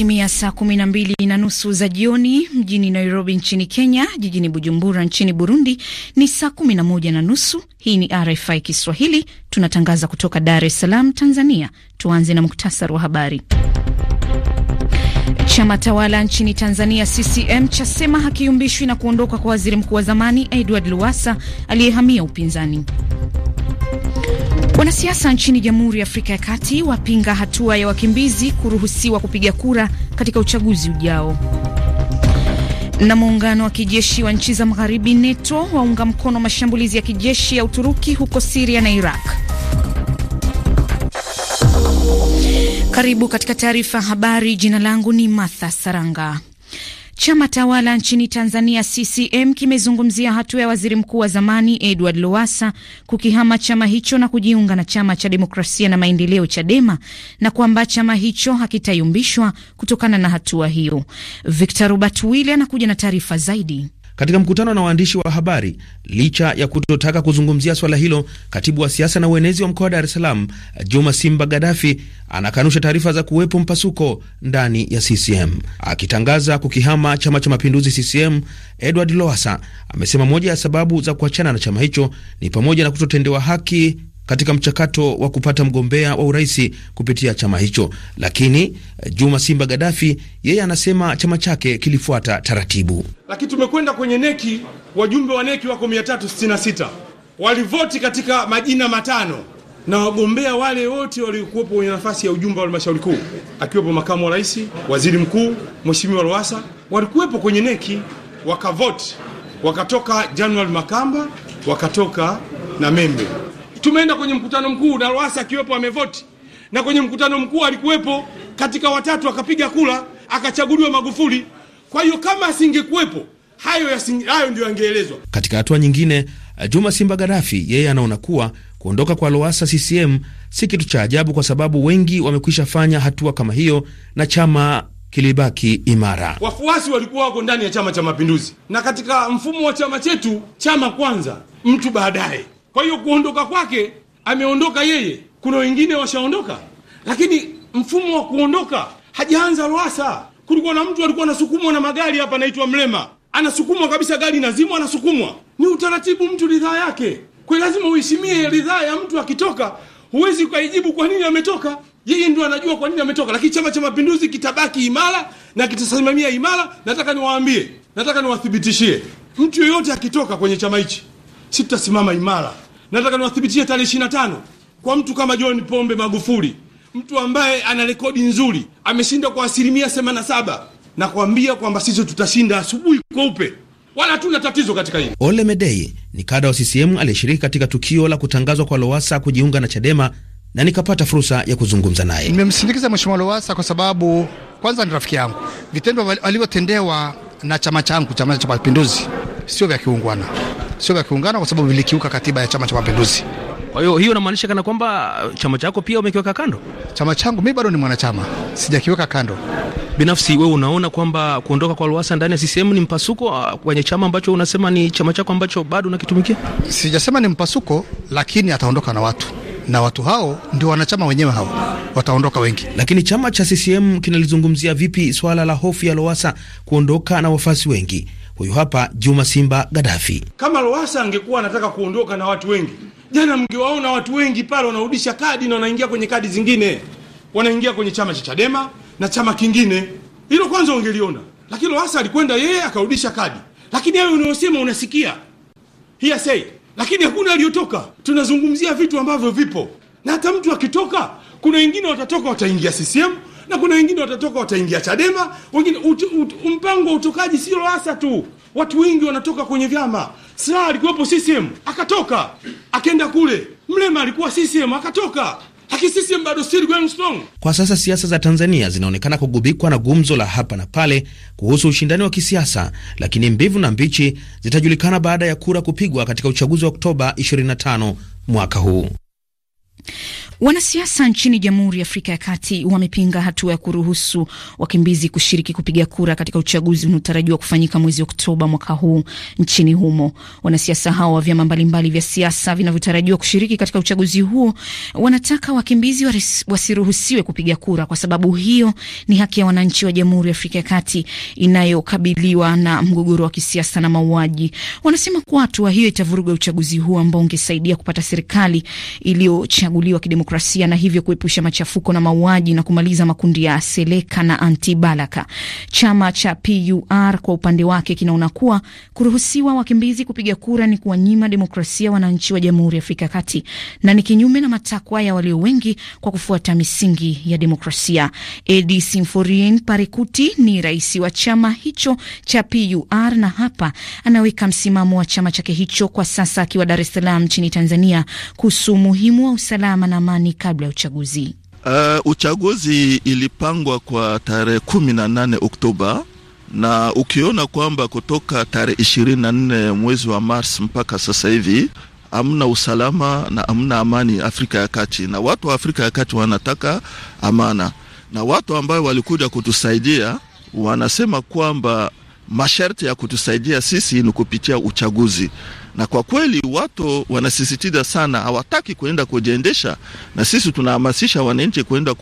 Imetimia saa kumi na mbili na nusu za jioni mjini Nairobi nchini Kenya. Jijini Bujumbura nchini Burundi ni saa kumi na moja na nusu. Hii ni RFI Kiswahili, tunatangaza kutoka Dar es Salaam, Tanzania. Tuanze na muktasari wa habari. Chama tawala nchini Tanzania CCM chasema hakiumbishwi na kuondoka kwa waziri mkuu wa zamani Edward Lowassa aliyehamia upinzani. Wanasiasa nchini Jamhuri ya Afrika ya Kati wapinga hatua ya wakimbizi kuruhusiwa kupiga kura katika uchaguzi ujao. Na muungano wa kijeshi wa nchi za magharibi NATO waunga mkono mashambulizi ya kijeshi ya Uturuki huko Siria na Iraq. Karibu katika taarifa habari. Jina langu ni Martha Saranga. Chama tawala nchini Tanzania CCM kimezungumzia hatua ya waziri mkuu wa zamani Edward Lowassa kukihama chama hicho na kujiunga na chama cha demokrasia na maendeleo Chadema, na kwamba chama hicho hakitayumbishwa kutokana na hatua hiyo. Victor Robert Wille anakuja na taarifa zaidi katika mkutano na waandishi wa habari. Licha ya kutotaka kuzungumzia swala hilo, katibu wa siasa na uenezi wa mkoa wa Dar es Salaam Juma Simba Gadafi anakanusha taarifa za kuwepo mpasuko ndani ya CCM. Akitangaza kukihama Chama cha Mapinduzi CCM, Edward Lowasa amesema moja ya sababu za kuachana na chama hicho ni pamoja na kutotendewa haki katika mchakato wa kupata mgombea wa urais kupitia chama hicho, lakini eh, Juma Simba gadafi yeye anasema chama chake kilifuata taratibu. Lakini tumekwenda kwenye neki, wajumbe wa neki wako 366 walivoti katika majina matano na wagombea wale wote waliokuwepo kwenye nafasi ya ujumbe wa halmashauri kuu, akiwepo makamu wa rais, waziri mkuu, mheshimiwa Lowassa, walikuwepo kwenye neki wakavoti, wakatoka Januari Makamba, wakatoka na Membe. Tumeenda kwenye mkutano mkuu na Lowassa akiwepo amevoti, na kwenye mkutano mkuu alikuwepo katika watatu akapiga kula akachaguliwa Magufuli. Kwa hiyo kama asingekuwepo hayo, hayo ndio yangeelezwa. Katika hatua nyingine, Juma Simba Garafi yeye anaona kuwa kuondoka kwa Lowassa CCM si kitu cha ajabu kwa sababu wengi wamekwisha fanya hatua kama hiyo na chama kilibaki imara. Wafuasi walikuwa wako ndani ya Chama cha Mapinduzi, na katika mfumo wa chama chetu, chama kwanza, mtu baadaye. Kwa hiyo kuondoka kwake, ameondoka yeye, kuna wengine washaondoka, lakini mfumo wa kuondoka hajaanza Lowassa. Kulikuwa na mtu alikuwa anasukumwa na magari hapa, anaitwa Mlema, anasukumwa kabisa, gari nazimwa, anasukumwa. Ni utaratibu, mtu ridhaa yake. Kwa lazima uheshimie ridhaa ya mtu. Akitoka huwezi ukaijibu kwa nini ametoka. Yeye ndio anajua kwa nini ametoka, lakini Chama cha Mapinduzi kitabaki imara na kitasimamia imara. Nataka niwaambie, nataka niwathibitishie, mtu yoyote akitoka kwenye chama hichi si tutasimama imara. Nataka niwathibitie tarehe 25 kwa mtu kama John Pombe Magufuli, mtu ambaye ana rekodi nzuri, ameshinda kwa asilimia 87 na kuambia kwamba sisi tutashinda asubuhi kweupe, wala hatuna tatizo katika hili. Ole Medei ni kada wa CCM aliyeshiriki katika tukio la kutangazwa kwa Lowasa kujiunga na Chadema na nikapata fursa ya kuzungumza naye. Nimemsindikiza Mheshimiwa Lowasa kwa sababu kwanza ni rafiki yangu. Vitendo alivyotendewa na chama changu, Chama cha Mapinduzi, sio vya kiungwana sio vya kiungano, kwa sababu vilikiuka katiba ya Chama cha Mapinduzi. Kwa hiyo hiyo inamaanisha kana kwamba chama chako pia umekiweka kando? Chama changu mimi bado ni mwanachama, sijakiweka kando. Binafsi wewe unaona kwamba kuondoka kwa Lowassa ndani ya CCM ni mpasuko ah, kwenye chama ambacho unasema ni chama chako ambacho bado unakitumikia? Sijasema ni mpasuko, lakini ataondoka na watu na watu hao ndio wanachama wenyewe, hao wataondoka wengi. Lakini chama cha CCM kinalizungumzia vipi swala la hofu ya Lowassa kuondoka na wafasi wengi? Huyu hapa Juma Simba Gaddafi. Kama Lowasa angekuwa anataka kuondoka na watu wengi, jana mngewaona watu wengi pale wanarudisha kadi na wanaingia kwenye kadi zingine, wanaingia kwenye chama cha Chadema na chama kingine. Hilo kwanza ungeliona, lakini Lowasa alikwenda yeye akarudisha kadi, lakini hayo unayosema unasikia hearsay, lakini hakuna aliyotoka. Tunazungumzia vitu ambavyo vipo, na hata mtu akitoka, kuna wengine watatoka wataingia CCM na kuna wengine watatoka wataingia Chadema, wengine ut, ut, mpango wa utokaji sio Lowassa tu, watu wengi wanatoka kwenye vyama. Slaa alikuwepo CCM akatoka akenda kule, Mlema alikuwa CCM akatoka Kwa sasa siasa za Tanzania zinaonekana kugubikwa na gumzo la hapa na pale kuhusu ushindani wa kisiasa, lakini mbivu na mbichi zitajulikana baada ya kura kupigwa katika uchaguzi wa Oktoba 25 mwaka huu. Wanasiasa nchini Jamhuri ya Afrika ya Kati wamepinga hatua ya kuruhusu wakimbizi kushiriki kupiga kura katika uchaguzi unaotarajiwa kufanyika mwezi Oktoba mwaka huu nchini humo. Wanasiasa hao wa vyama mbalimbali vya siasa vinavyotarajiwa kushiriki katika uchaguzi huo wanataka wakimbizi wasiruhusiwe kupiga kura, kwa sababu hiyo ni haki ya wananchi wa Jamhuri ya Afrika ya Kati inayokabiliwa na mgogoro wa kisiasa na mauaji. Wanasema kuwa hatua hiyo itavuruga uchaguzi huo ambao ungesaidia kupata serikali iliyochaguliwa kidemokrasia demokrasia na hivyo kuepusha machafuko na mauaji na kumaliza makundi ya Seleka na Antibalaka. Chama cha PUR kwa upande wake kinaona kuwa kuruhusiwa wakimbizi kupiga kura ni kuwanyima demokrasia wananchi wa Jamhuri ya Afrika Kati na ni kinyume na matakwa ya walio wengi kwa kufuata misingi ya demokrasia. Edi Simforien Parekuti ni rais wa chama hicho cha PUR na hapa anaweka msimamo wa chama chake hicho kwa sasa akiwa Dar es Salaam nchini Tanzania kuhusu umuhimu wa usalama na amani amani kabla ya uchaguzi. Uh, uchaguzi ilipangwa kwa tarehe kumi na nane Oktoba na ukiona kwamba kutoka tarehe ishirini na nne mwezi wa Mars mpaka sasa hivi hamna usalama na hamna amani Afrika ya Kati, na watu wa Afrika ya Kati wanataka amana, na watu ambayo walikuja kutusaidia wanasema kwamba masharti ya kutusaidia sisi ni kupitia uchaguzi na kwa kweli watu wanasisitiza sana, hawataki kuenda kujiendesha, na sisi tunahamasisha wananchi kuenda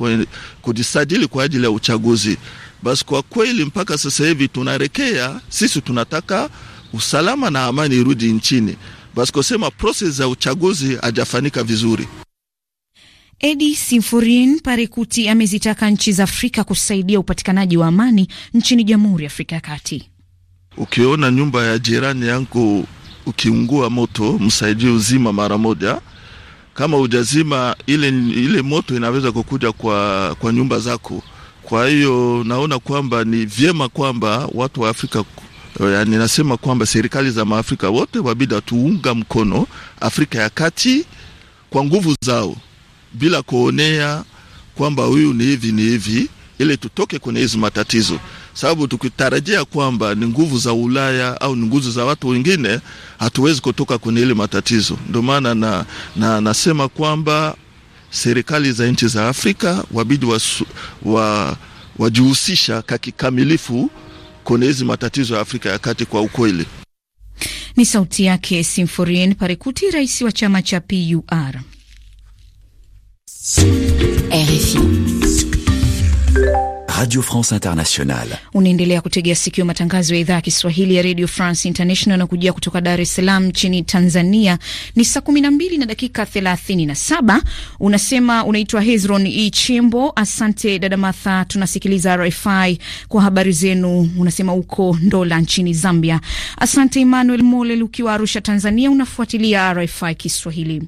kujisajili kwa ajili ya uchaguzi. Basi kwa kweli mpaka sasa hivi tunarekea, sisi tunataka usalama na amani irudi nchini. Basi kusema proses za uchaguzi hajafanika vizuri. Edi Simfurin Parikuti amezitaka nchi za Afrika kusaidia upatikanaji wa amani nchini Jamhuri ya Afrika ya Kati. Ukiona nyumba ya jirani yangu ukiungua moto msaidie uzima mara moja. Kama hujazima ile, ile moto inaweza kukuja kwa, kwa nyumba zako. Kwa hiyo naona kwamba ni vyema kwamba watu wa Afrika yani, eh, nasema kwamba serikali za maafrika wote wabida tuunga mkono Afrika ya Kati kwa nguvu zao bila kuonea kwamba huyu ni hivi ni hivi, ili tutoke kwenye hizi matatizo sababu tukitarajia kwamba ni nguvu za Ulaya au ni nguvu za watu wengine, hatuwezi kutoka kwenye ile matatizo. Ndio maana na, na, nasema kwamba serikali za nchi za Afrika wabidi wajihusisha wa, wa kakikamilifu kwenye hizi matatizo ya Afrika ya kati kwa ukweli. Ni sauti yake Simforien Parekuti, rais wa chama cha PUR RFI. Radio France Internationale. Unaendelea kutegea sikio matangazo ya idhaa ya Kiswahili ya Radio France International na kujia kutoka Dar es Salaam nchini Tanzania. Ni saa 12 na dakika 37. Unasema unaitwa Hezron E Chimbo. Asante dada Martha, tunasikiliza RFI kwa habari zenu. Unasema uko Ndola nchini Zambia. Asante Emmanuel Mole ukiwa Arusha Tanzania, unafuatilia RFI Kiswahili.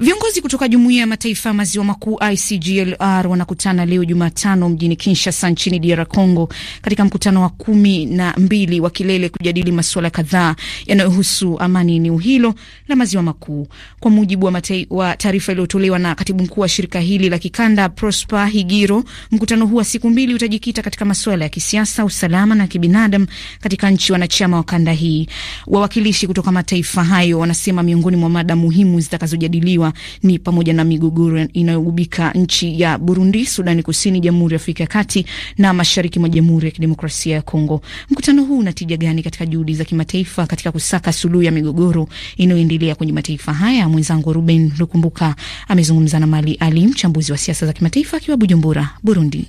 Viongozi kutoka Jumuiya ya Mataifa ya Maziwa Makuu ICGLR wanakutana leo Jumatano mjini Kinshasa kisiasa nchini DR Congo katika mkutano wa kumi na mbili wa kilele kujadili masuala kadhaa yanayohusu amani eneo hilo la maziwa makuu. Kwa mujibu wa taarifa iliyotolewa na katibu mkuu wa shirika hili la kikanda Prosper Higiro, mkutano huu wa siku mbili utajikita katika masuala ya kisiasa, usalama na kibinadamu katika nchi wanachama wa kanda hii. Wawakilishi kutoka mataifa hayo wanasema miongoni mwa mada muhimu zitakazojadiliwa ni pamoja na migogoro inayogubika nchi ya Burundi, Sudani Kusini, Jamhuri ya Afrika ya Kati, na mashariki mwa Jamhuri ya Kidemokrasia ya Kongo. Mkutano huu una tija gani katika juhudi za kimataifa katika kusaka suluhu ya migogoro inayoendelea kwenye mataifa haya? Mwenzangu Ruben Lukumbuka amezungumza na Mali Ali, mchambuzi wa siasa za kimataifa akiwa Bujumbura, Burundi.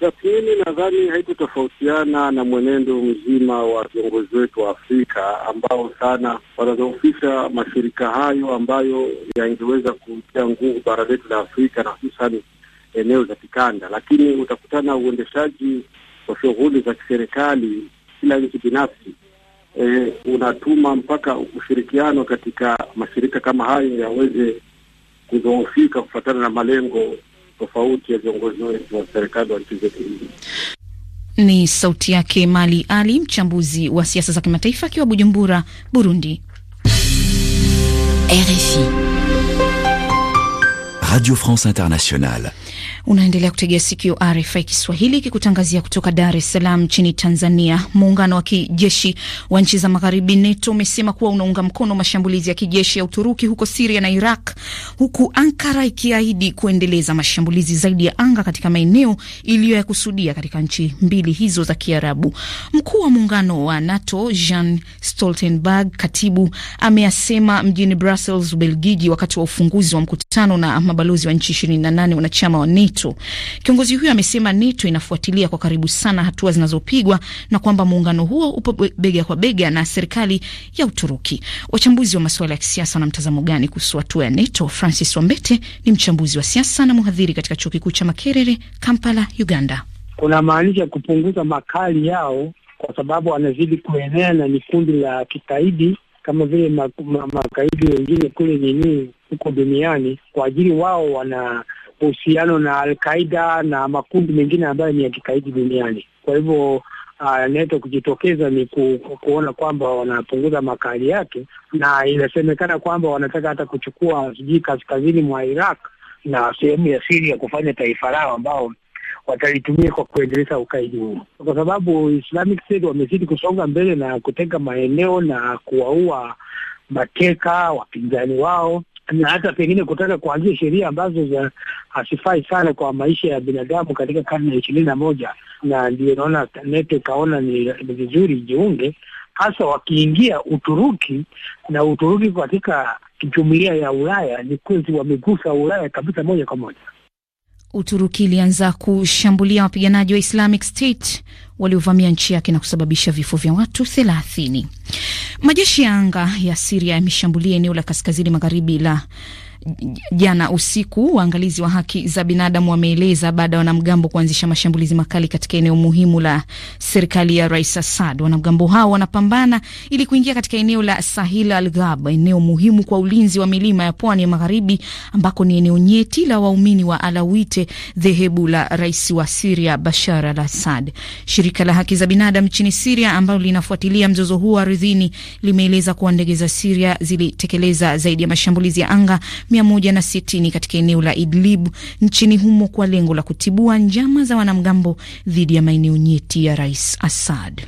tathmini ah, nadhani haikutofautiana na mwenendo mzima wa viongozi wetu wa Afrika ambao sana wanadhoofisha mashirika hayo ambayo yangeweza kutia nguvu bara letu la Afrika na hususani eneo za kikanda, lakini utakutana uendeshaji wa shughuli za kiserikali kila nchi binafsi e, unatuma mpaka ushirikiano katika mashirika kama hayo yaweze kudhoofika kufuatana na malengo tofauti ya viongozi wetu wa serikali wa nchi zetu hizi. Ni sauti yake Mali Ali, mchambuzi wa siasa za kimataifa akiwa Bujumbura, Burundi. RFI Radio France Internationale. Unaendelea kutegea sikio RFI Kiswahili ikikutangazia kutoka Dar es Salaam nchini Tanzania. Muungano wa kijeshi wa nchi za magharibi NATO umesema kuwa unaunga mkono mashambulizi ya kijeshi ya Uturuki huko Siria na Iraq, huku Ankara ikiahidi kuendeleza mashambulizi zaidi ya anga katika maeneo iliyo ya kusudia katika nchi mbili hizo za Kiarabu. Mkuu wa muungano wa NATO Jean Stoltenberg, katibu, ameyasema mjini Brussels, Ubelgiji, wakati wa ufunguzi wa mkutano na mabalozi wa nchi 28 wanachama wa NATO NATO. Kiongozi huyo amesema NATO inafuatilia kwa karibu sana hatua zinazopigwa na kwamba muungano huo upo bega kwa bega na serikali ya Uturuki. Wachambuzi wa masuala ya kisiasa wana mtazamo gani kuhusu hatua ya NATO? Francis Wambete ni mchambuzi wa siasa na mhadhiri katika chuo kikuu cha Makerere, Kampala, Uganda. Kuna maanisha kupunguza makali yao kwa sababu wanazidi kuenea na ni kundi la kikaidi kama vile makaidi ma, ma wengine kule nini huko duniani, kwa ajili wao wana uhusiano na Alqaida na makundi mengine ambayo ni ya kikaidi duniani. Kwa hivyo Uh, ah, NATO kujitokeza ni ku, ku, kuona kwamba wanapunguza makali yake, na inasemekana kwamba wanataka hata kuchukua sijui kaskazini mwa Iraq na sehemu ya ya kufanya taifa lao ambao watalitumia kwa kuendeleza ukaidi huo, kwa sababu Islamic State wamezidi kusonga mbele na kutenga maeneo na kuwaua mateka wapinzani wao na hata pengine kutaka kuanzia sheria ambazo hazifai sana kwa maisha ya binadamu katika karne ya ishirini na moja, na ndio naona NETO ikaona ni vizuri ijiunge, hasa wakiingia Uturuki na Uturuki katika jumuia ya Ulaya ni kwezi wamegusa Ulaya kabisa moja kwa moja. Uturuki ilianza kushambulia wapiganaji wa Islamic State waliovamia nchi yake na kusababisha vifo vya watu 30. Majeshi ya anga ya Siria yameshambulia eneo la kaskazini magharibi la jana usiku. Waangalizi wa haki za binadamu wameeleza baada ya wanamgambo kuanzisha mashambulizi makali katika eneo muhimu la serikali ya Rais Assad. Wanamgambo hao wanapambana ili kuingia katika eneo la Sahil al Ghab, eneo muhimu kwa ulinzi wa milima ya pwani ya magharibi, ambako ni eneo nyeti la waumini wa Alawite, dhehebu la rais wa Siria Bashar al Assad. Shirika la haki za binadamu nchini Siria ambalo linafuatilia mzozo huo ardhini limeeleza kuwa ndege za Siria zilitekeleza zaidi ya mashambulizi ya anga 160 katika eneo la Idlib nchini humo kwa lengo la kutibua njama za wanamgambo dhidi ya maeneo nyeti ya Rais Assad.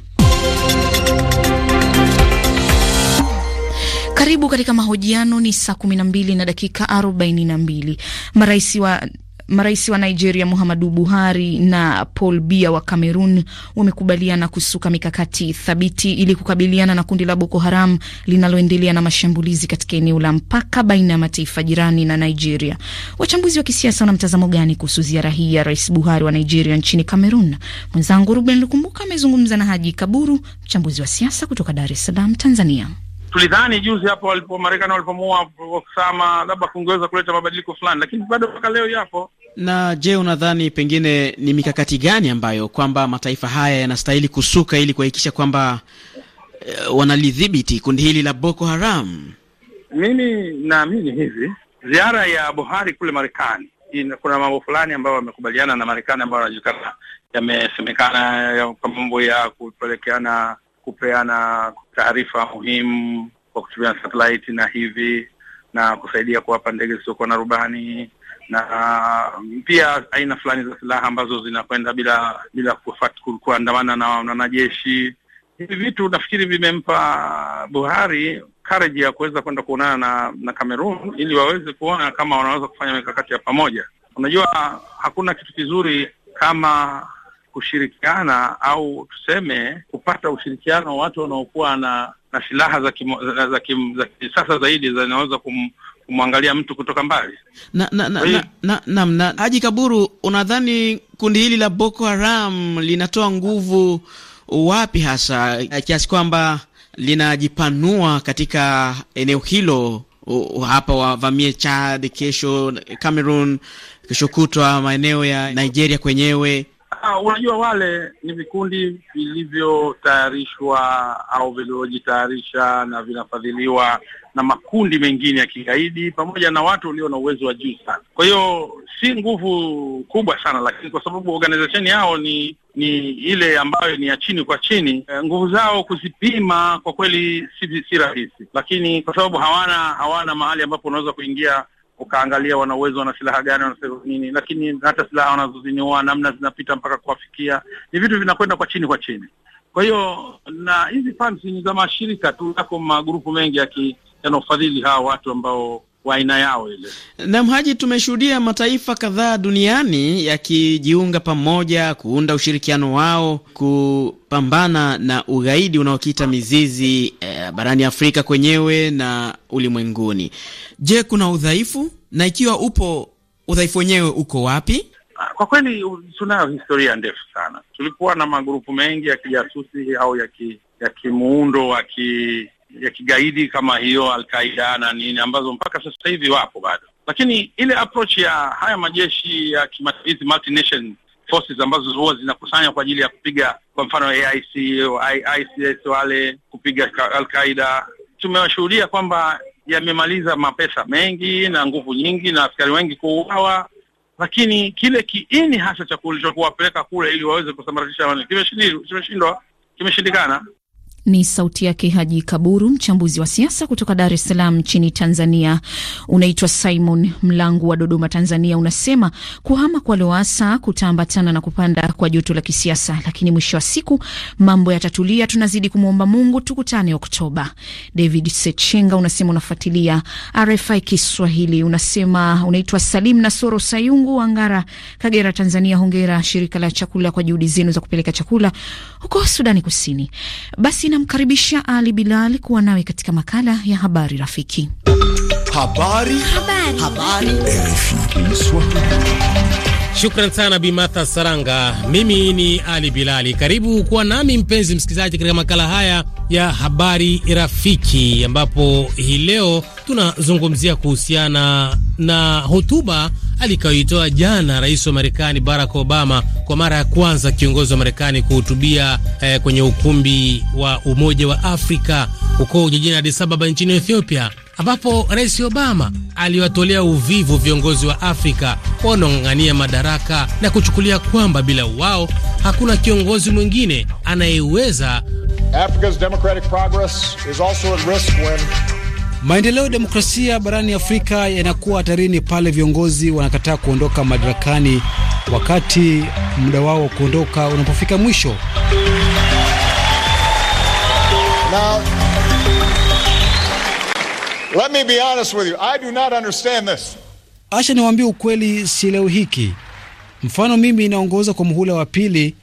Karibu katika mahojiano. Ni saa kumi na mbili na dakika arobaini na mbili. Marais wa Marais wa Nigeria Muhammadu Buhari na Paul Biya wa cameron wamekubaliana kusuka mikakati thabiti ili kukabiliana na kundi la Boko Haram linaloendelea na mashambulizi katika eneo la mpaka baina ya mataifa jirani na Nigeria. Wachambuzi wa kisiasa wana mtazamo gani kuhusu ziara hii ya Rais Buhari wa Nigeria nchini cameron Mwenzangu Ruben Lukumbuka amezungumza na Haji Kaburu, mchambuzi wa siasa kutoka Dar es Salaam, Tanzania tulidhani juzi hapo walipo Marekani walipomua Osama, labda kungeweza kuleta mabadiliko fulani, lakini bado mpaka leo yapo. Na je, unadhani pengine ni mikakati gani ambayo kwamba mataifa haya yanastahili kusuka ili kuhakikisha kwamba uh, wanalidhibiti kundi hili la Boko Haram? Mimi naamini hivi, ziara ya Buhari kule Marekani ina kuna mambo fulani ambayo wamekubaliana na Marekani ambayo yanajulikana yamesemekana, kwa mambo ya kupelekeana kupeana taarifa muhimu kwa kutumia satellite na hivi na kusaidia kuwapa ndege zisizokuwa na rubani na mm, pia aina fulani za silaha ambazo zinakwenda bila bila kuandamana na wanajeshi. Hivi vitu nafikiri vimempa Buhari kareji ya kuweza kwenda kuonana na na Cameroon ili waweze kuona kama wanaweza kufanya mikakati ya pamoja. Unajua, hakuna kitu kizuri kama kushirikiana au tuseme kupata ushirikiano wa watu wanaokuwa na na silaha za kisasa zaidi zinaweza kum, kumwangalia mtu kutoka mbali. na na na, na, na, na, na Haji Kaburu, unadhani kundi hili la Boko Haram linatoa nguvu wapi hasa kiasi kwamba linajipanua katika eneo hilo? hapa wavamie Chad, kesho Cameroon, kesho kutwa maeneo ya Nigeria kwenyewe. Ah, unajua wale ni vikundi vilivyotayarishwa au vilivyojitayarisha na vinafadhiliwa na makundi mengine ya kigaidi pamoja na watu walio na uwezo wa juu sana. Kwa hiyo si nguvu kubwa sana, lakini kwa sababu organization yao ni ni ile ambayo ni ya chini kwa chini, eh, nguvu zao kuzipima kwa kweli si si rahisi, lakini kwa sababu hawana hawana mahali ambapo unaweza kuingia ukaangalia wana uwezo, wana silaha gani, wana nini, lakini hata silaha wanazozinua namna zinapita mpaka kuwafikia, ni vitu vinakwenda kwa chini kwa chini. Kwa hiyo na hizi funds ni za mashirika tu, yako magrupu mengi yanaofadhili hawa watu ambao wa aina yao ile. Na Haji, tumeshuhudia mataifa kadhaa duniani yakijiunga pamoja kuunda ushirikiano wao kupambana na ugaidi unaokita mizizi eh, barani Afrika kwenyewe na ulimwenguni. Je, kuna udhaifu, na ikiwa upo udhaifu wenyewe uko wapi? Ah, kwa kweli tunayo historia ndefu sana. Tulikuwa na magrupu mengi ya kijasusi au ya ki, ya kimuundo wa ki ya kigaidi kama hiyo Alqaida na nini ambazo mpaka sasa hivi wapo bado, lakini ile approach ya haya majeshi ya kimataifa multinational forces ambazo huwa zinakusanya kwa ajili ya kupiga kwa mfano AIC, ISIS wale kupiga Alqaida, tumewashuhudia kwamba yamemaliza mapesa mengi na nguvu nyingi na askari wengi kuuawa, lakini kile kiini hasa cha kulichokuwapeleka kule ili waweze kusambaratisha kimeshindwa, kimeshindikana. Ni sauti yake Haji Kaburu, mchambuzi wa siasa kutoka Dar es Salaam nchini Tanzania. Unaitwa Simon Mlangu wa Dodoma, Tanzania, unasema kuhama kwa loasa kutaambatana na kupanda kwa joto la kisiasa, lakini mwisho wa siku mambo yatatulia. Tunazidi kumwomba Mungu, tukutane Oktoba. David Sechenga unasema unafuatilia RFI Kiswahili, unasema unaitwa Salim Nasoro Sayungu Wangara, Kagera, Tanzania. Hongera shirika la chakula kwa juhudi zenu za kupeleka chakula huko Sudani Kusini. Basi ninamkaribisha Ali Bilal kuwa nawe katika makala ya habari rafiki. Habari. Habari. Habari. Shukran sana bimatha Saranga. Mimi ni Ali Bilali, karibu kuwa nami mpenzi msikilizaji, katika makala haya ya habari rafiki, ambapo hii leo tunazungumzia kuhusiana na hotuba alikayoitoa jana rais wa Marekani Barack Obama, kwa mara ya kwanza kiongozi wa Marekani kuhutubia eh, kwenye ukumbi wa Umoja wa Afrika huko jijini Addis Ababa nchini Ethiopia, ambapo rais Obama aliwatolea uvivu viongozi wa Afrika wanaong'ang'ania madaraka na kuchukulia kwamba bila wao hakuna kiongozi mwingine anayeweza. Maendeleo ya demokrasia barani Afrika yanakuwa hatarini pale viongozi wanakataa kuondoka madarakani wakati muda wao wa kuondoka unapofika mwisho. Now, let me be honest with you. I do not understand this. niwaambie ukweli, sielewi hiki. Mfano, mimi naongoza kwa muhula wa pili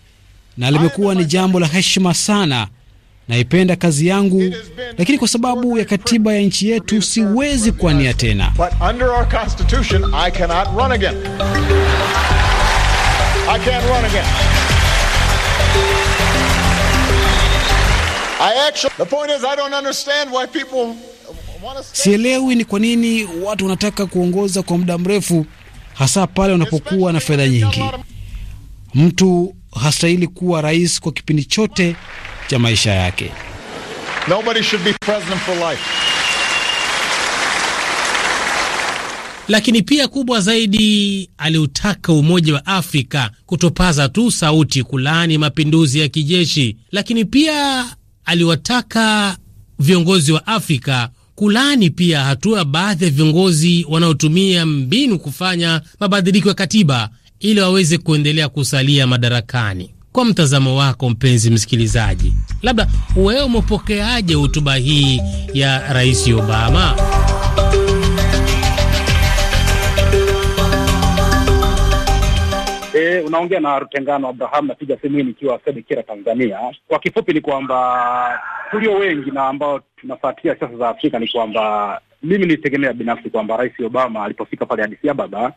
na limekuwa ni jambo la heshima sana. Naipenda kazi yangu, lakini kwa sababu ya katiba ya nchi yetu siwezi kuania tena. Sielewi ni kwa nini watu wanataka kuongoza kwa muda mrefu hasa pale unapokuwa na fedha nyingi. Mtu hastahili kuwa rais kwa kipindi chote cha maisha yake. Lakini pia kubwa zaidi, aliutaka Umoja wa Afrika kutopaza tu sauti kulaani mapinduzi ya kijeshi, lakini pia aliwataka viongozi wa Afrika kulani pia hatua baadhi ya viongozi wanaotumia mbinu kufanya mabadiliko ya katiba ili waweze kuendelea kusalia madarakani. Kwa mtazamo wako, mpenzi msikilizaji, labda wewe umepokeaje hotuba hii ya Rais Obama? E, unaongea na Rutengano Abraham, napiga simu hii nikiwa Sedekira, Tanzania. Kwa kifupi ni kwamba tulio wengi na ambao tunafuatia siasa za Afrika ni kwamba mimi nilitegemea binafsi kwamba Rais Obama alipofika pale Addis Ababa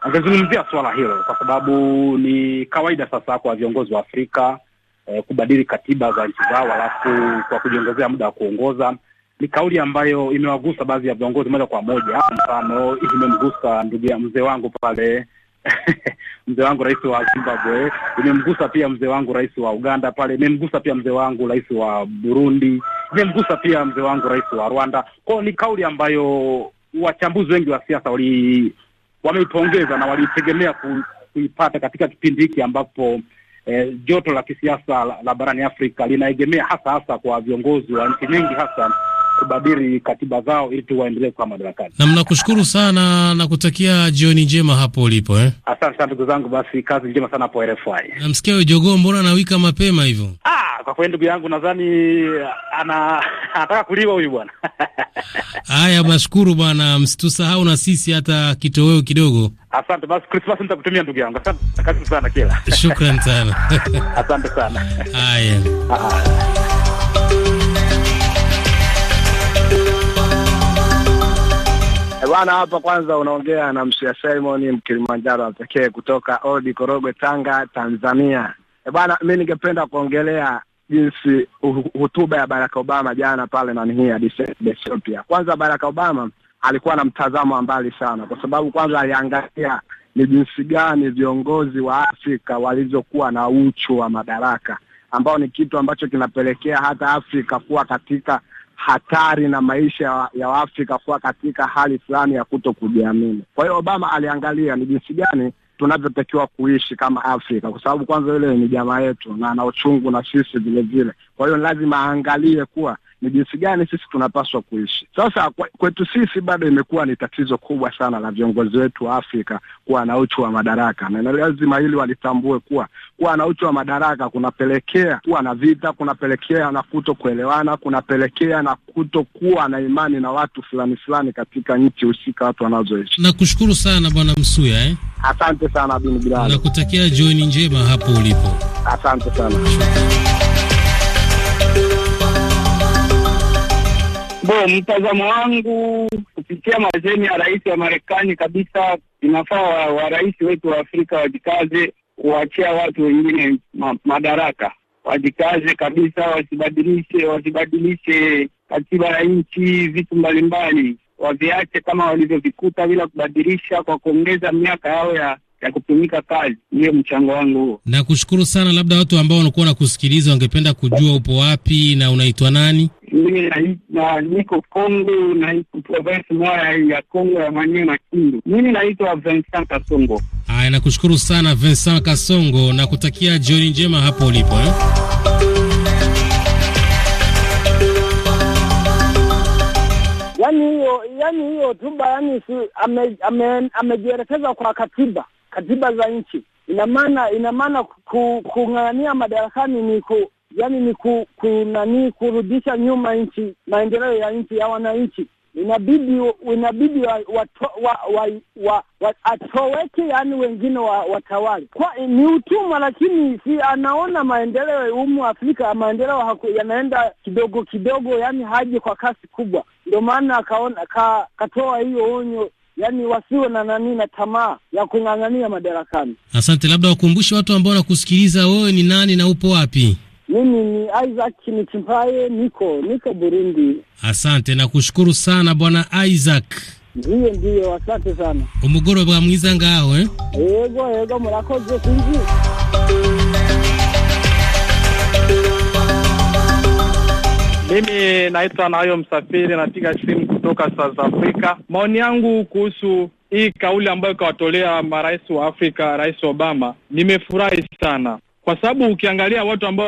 angezungumzia swala hilo, kwa sababu ni kawaida sasa kwa viongozi wa Afrika eh, kubadili katiba za nchi zao, halafu kwa kujiongezea muda wa kuongoza. Ni kauli ambayo imewagusa baadhi ya viongozi moja kwa moja. Mfano, imemgusa ndugu ya mzee wangu pale mzee wangu rais wa Zimbabwe, imemgusa pia mzee wangu rais wa Uganda pale, imemgusa pia mzee wangu rais wa Burundi, imemgusa pia mzee wangu rais wa Rwanda. Kwao ni kauli ambayo wachambuzi wengi wa siasa wali wameipongeza na waliitegemea ku, kuipata katika kipindi hiki ambapo eh, joto la kisiasa la, la barani Afrika linaegemea hasa hasa kwa viongozi wa nchi nyingi hasa kubadili katiba zao ili tu waendelee kuwa madarakani. Na mnakushukuru sana na kutakia jioni njema hapo ulipo eh? Asante sana ndugu zangu, basi kazi njema sana hapo RFI. Namsikia huyo jogoo, mbona anawika mapema hivyo? Ah, kwa kweli ndugu yangu nadhani ana anataka kuliwa huyu bwana. Haya, mashukuru bwana, msitusahau na sisi hata kitoweo kidogo. Asante basi, Christmas nitakutumia ndugu yangu. Asante sana kila. Shukrani sana. Asante sana. Haya. Ah. ah. Bwana hapa kwanza unaongea na Msia Simon Mkilimanjaro pekee kutoka Odi Korogwe, Tanga, Tanzania. E bwana, mi ningependa kuongelea jinsi hotuba ya Barack Obama jana pale nani hii Addis Kwanza Barack Obama alikuwa na mtazamo wa mbali sana, kwa sababu kwanza aliangalia ni jinsi gani viongozi wa Afrika walivyokuwa na uchu wa madaraka, ambao ni kitu ambacho kinapelekea hata Afrika kuwa katika hatari na maisha ya Waafrika kuwa katika hali fulani ya kuto kujiamini. Kwa hiyo Obama aliangalia ni jinsi gani tunavyotakiwa kuishi kama Afrika, kwa sababu kwanza yule ni jamaa yetu na ana uchungu na sisi vilevile. Kwa hiyo ni lazima aangalie kuwa ni jinsi gani sisi tunapaswa kuishi. Sasa kwetu sisi bado imekuwa ni tatizo kubwa sana la viongozi wetu wa Afrika kuwa na uchu wa madaraka, na lazima hili walitambue kuwa kuwa na uchu wa madaraka kunapelekea kuwa na vita, kunapelekea na kuto kuelewana, kunapelekea na kuto kuwa na imani na watu fulani fulani katika nchi husika, watu wanazoishi. Nakushukuru sana Bwana Msuya eh? Asante sana Bin Bilali, nakutakia jioni njema hapo ulipo. Asante sana. Bo, mtazamo wangu kupitia mazeni ya rais wa Marekani kabisa, inafaa wa, wa rais wetu wa Afrika wajikaze kuachia watu wengine ma, madaraka, wajikaze kabisa, wasibadilishe wasibadilishe katiba ya nchi, vitu mbalimbali waviache kama walivyovikuta bila kubadilisha, kwa kuongeza miaka yao ya ya kutumika kazi. Ndiyo mchango wangu huo, nakushukuru sana. Labda watu ambao wanakuwa wanakusikiliza wangependa kujua upo wapi na unaitwa nani? Mimi na niko Kongo, na province moja ya Kongo ya Maniema na Kindu. Mimi naitwa Vincent Kasongo. Haya, nakushukuru sana Vincent Kasongo na kutakia jioni njema hapo ulipo eh? Yaani hiyo yaani hiyo tumba yani si, amejielekeza ame, ame kwa katiba katiba za nchi. Ina maana ina maana kung'ang'ania madarakani ni ku, yani ni ku, ku nani kurudisha nyuma nchi, maendeleo ya nchi ya wananchi. Inabidi inabidi atoweke, yani wengine watawali kwa ni utumwa, lakini si anaona maendeleo humu Afrika, maendeleo yanaenda kidogo kidogo, yani haje kwa kasi kubwa. Ndio maana akaona ka, katoa hiyo onyo yani wasiwe na nani na tamaa ya kung'ang'ania madarakani. Asante, labda wakumbushe watu ambao wanakusikiliza wewe ni nani na upo wapi? Mimi ni Isaac Nichimpaye, niko niko Burundi. Asante na kushukuru sana bwana Isaac. Ndiyo, ndiyo, asante sana. umugoroba bwa mwiza ngao eh? Yego yego, murakoze sinzi mimi naitwa Nayo Msafiri, napiga simu kutoka South Africa. Maoni yangu kuhusu hii kauli ambayo ikawatolea marais wa Afrika Rais Obama, nimefurahi sana kwa sababu ukiangalia watu ambao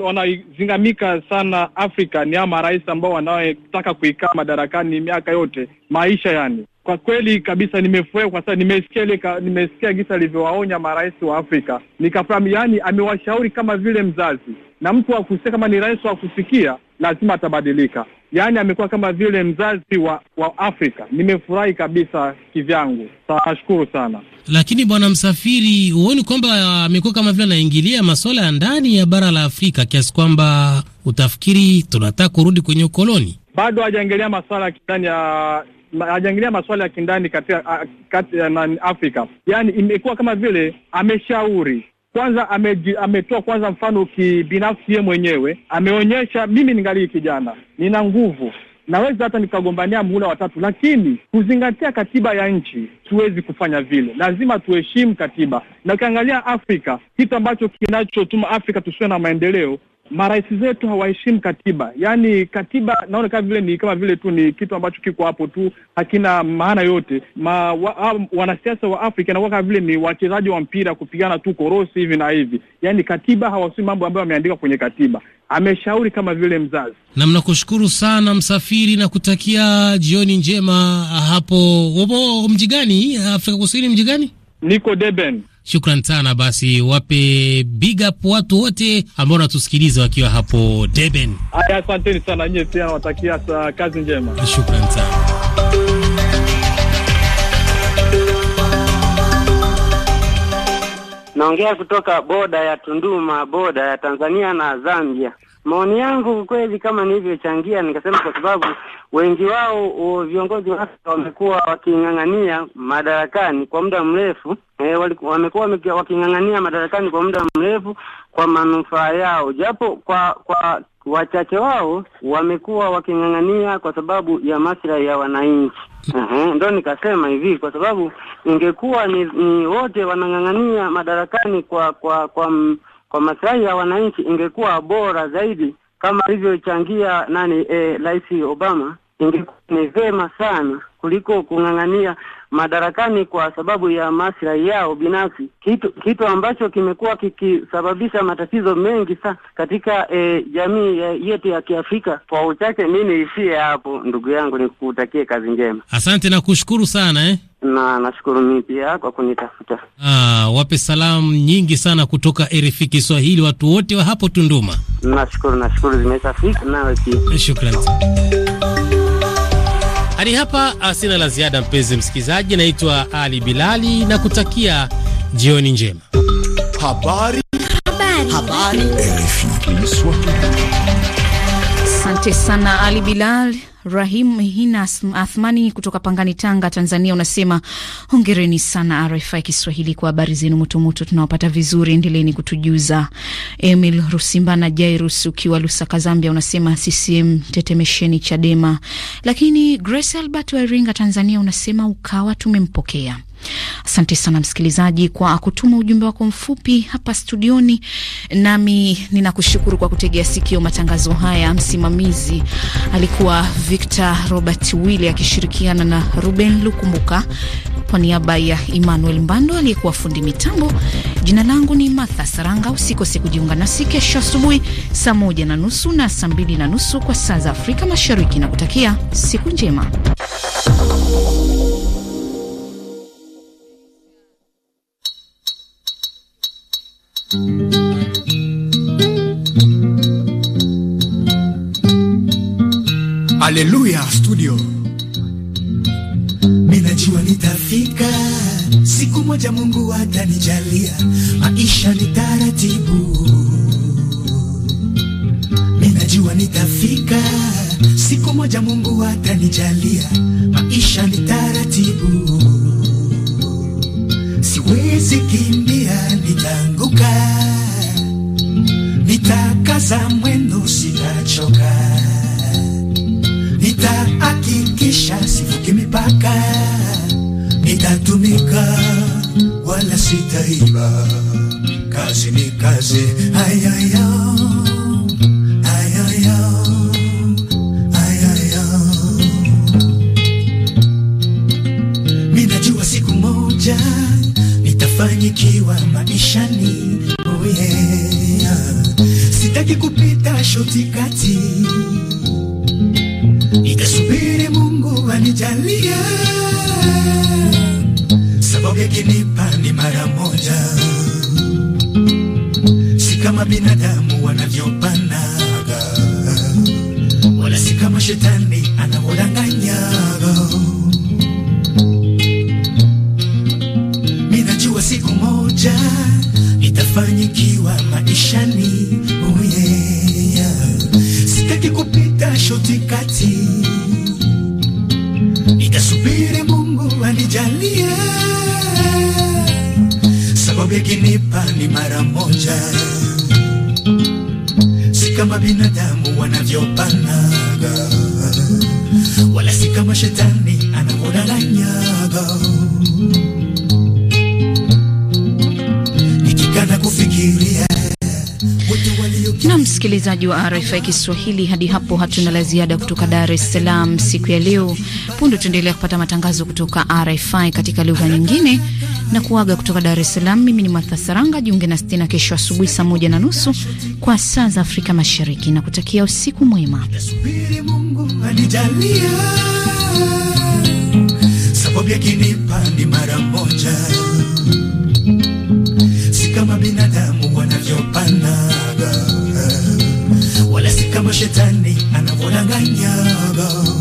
wanazingamika sana Afrika ni ama marais ambao wanaotaka kuikaa madarakani miaka yote maisha, yani kwa kweli kabisa nimefurahi kwa sababu nimesikia ile nimesikia gisa alivyowaonya marais wa Afrika, nikafahamu yani amewashauri kama vile mzazi na mtu wa kusikia, kama ni rais wa kusikia lazima atabadilika. Yaani amekuwa kama vile mzazi wa, wa Afrika. Nimefurahi kabisa kivyangu, nashukuru sana. Lakini bwana Msafiri, huoni kwamba amekuwa kama vile anaingilia masuala ya ndani ya bara la Afrika kiasi kwamba utafikiri tunataka kurudi kwenye ukoloni? Bado hajaingilia masuala ya kindani ya hajaingilia masuala ya kindani katika kati ya Afrika, yaani imekuwa kama vile ameshauri kwanza ametoa kwanza mfano kibinafsi ye mwenyewe, ameonyesha mimi ningali kijana, nina nguvu naweza hata nikagombania muhula watatu, lakini kuzingatia katiba ya nchi tuwezi kufanya vile. Lazima tuheshimu katiba, na ukiangalia Afrika, kitu ambacho kinachotuma Afrika tusiwe na maendeleo marais zetu hawaheshimu katiba. Yaani katiba naona kama vile ni kama vile tu ni kitu ambacho kiko hapo tu, hakina maana yote. Ma, wa, wanasiasa wa Afrika inakuwa kama vile ni wachezaji wa mpira kupigana tu korosi hivi na hivi, yaani katiba hawasui mambo ambayo ameandika kwenye katiba, ameshauri kama vile mzazi. Na mnakushukuru sana Msafiri na kutakia jioni njema hapo. Wapo mji gani Afrika Kusini, mji gani? Niko deben Shukran sana basi, wape big up watu wote ambao wanatusikiliza wakiwa hapo Deben. Aya, asanteni sana nyie pia nawatakia kazi njema. Shukran sana. Naongea kutoka boda ya Tunduma, boda ya Tanzania na Zambia. Maoni yangu kweli, kama nilivyochangia, nikasema kwa sababu wengi wao viongozi Afrika wamekuwa waking'ang'ania madarakani kwa muda mrefu e, wamekuwa waking'ang'ania madarakani kwa muda mrefu kwa manufaa yao, japo kwa kwa wachache wao wamekuwa waking'ang'ania kwa sababu ya maslahi ya wananchi. Uh-huh. Ndo nikasema hivi kwa sababu ingekuwa ni, ni wote wanang'ang'ania madarakani kwa kwa kwa m, kwa maslahi ya wananchi, ingekuwa bora zaidi kama alivyochangia nani, eh, Rais Obama, ingekuwa ni vema sana kuliko kung'ang'ania madarakani kwa sababu ya maslahi yao binafsi, kitu kitu ambacho kimekuwa kikisababisha matatizo mengi sana katika e, jamii yetu ya Kiafrika. Kwa uchache mi niishie hapo, ndugu yangu, nikutakie kazi njema. Asante na kushukuru sana eh. Na nashukuru mimi pia kwa kunitafuta. Ah, wape salamu nyingi sana kutoka RFI Kiswahili watu wote wa hapo Tunduma. Nashukuru, nashukuru, zimeshafika nawe pia. Shukrani. Hadi hapa ah, sina la ziada, mpenzi msikilizaji. Naitwa Ali Bilali na kutakia jioni njema. Habari. Habari. Habari. Asante sana Ali Bilal. Rahim Hina Athmani kutoka Pangani, Tanga, Tanzania, unasema hongereni sana RFI Kiswahili kwa habari zenu motomoto, tunawapata vizuri, endeleni kutujuza. Emil Rusimbana Jairus ukiwa Lusaka, Zambia, unasema CCM tetemesheni Chadema. Lakini Grace Albert wa Iringa, Tanzania, unasema Ukawa tumempokea Asante sana msikilizaji kwa kutuma ujumbe wako mfupi hapa studioni, nami ninakushukuru kwa kutegea sikio matangazo haya. Msimamizi alikuwa Victor Robert Wille akishirikiana na Ruben Lukumbuka, kwa niaba ya Emmanuel Mbando aliyekuwa fundi mitambo. Jina langu ni Martha Saranga. Usikose kujiunga nasi kesho asubuhi saa moja na nusu na saa mbili na nusu kwa saa za Afrika Mashariki, na kutakia siku njema. Aleluya Studio. Ninajua nitafika siku moja, Mungu atanijalia. Maisha ni taratibu, ninajua nitafika siku moja, Mungu atanijalia. Maisha ni taratibu, siwezi kimbi nitaanguka, nitakaza mwendo, sitachoka, nitahakikisha sivuki mipaka, nitatumika wala sitaiba. Kazi ni kazi, hayayo kufanikiwa maishani oh yeah. Sitaki kupita shoti kati, nitasubiri Mungu anijalia, sababu yakinipa ni mara moja, si kama binadamu wanavyopanaga, wala si kama shetani anavodanganya wamekinipa ni mara moja, si kama binadamu wanavyopanaga, wala si kama shetani anavyodadanyaga. Nikikana kufikiria na msikilizaji wa RFI Kiswahili, hadi hapo hatuna la ziada kutoka Dar es Salaam siku ya leo. Punde tuendelea kupata matangazo kutoka RFI katika lugha nyingine na kuaga kutoka Dar es Salaam. Mimi ni Martha Saranga. Jiunge na Stina kesho asubuhi saa moja na nusu kwa saa za Afrika Mashariki, na kutakia usiku mwema. Sababu yakinipa ni mara moja, si kama binadamu wanavyopanaga, wala si kama shetani anavyodanganyaga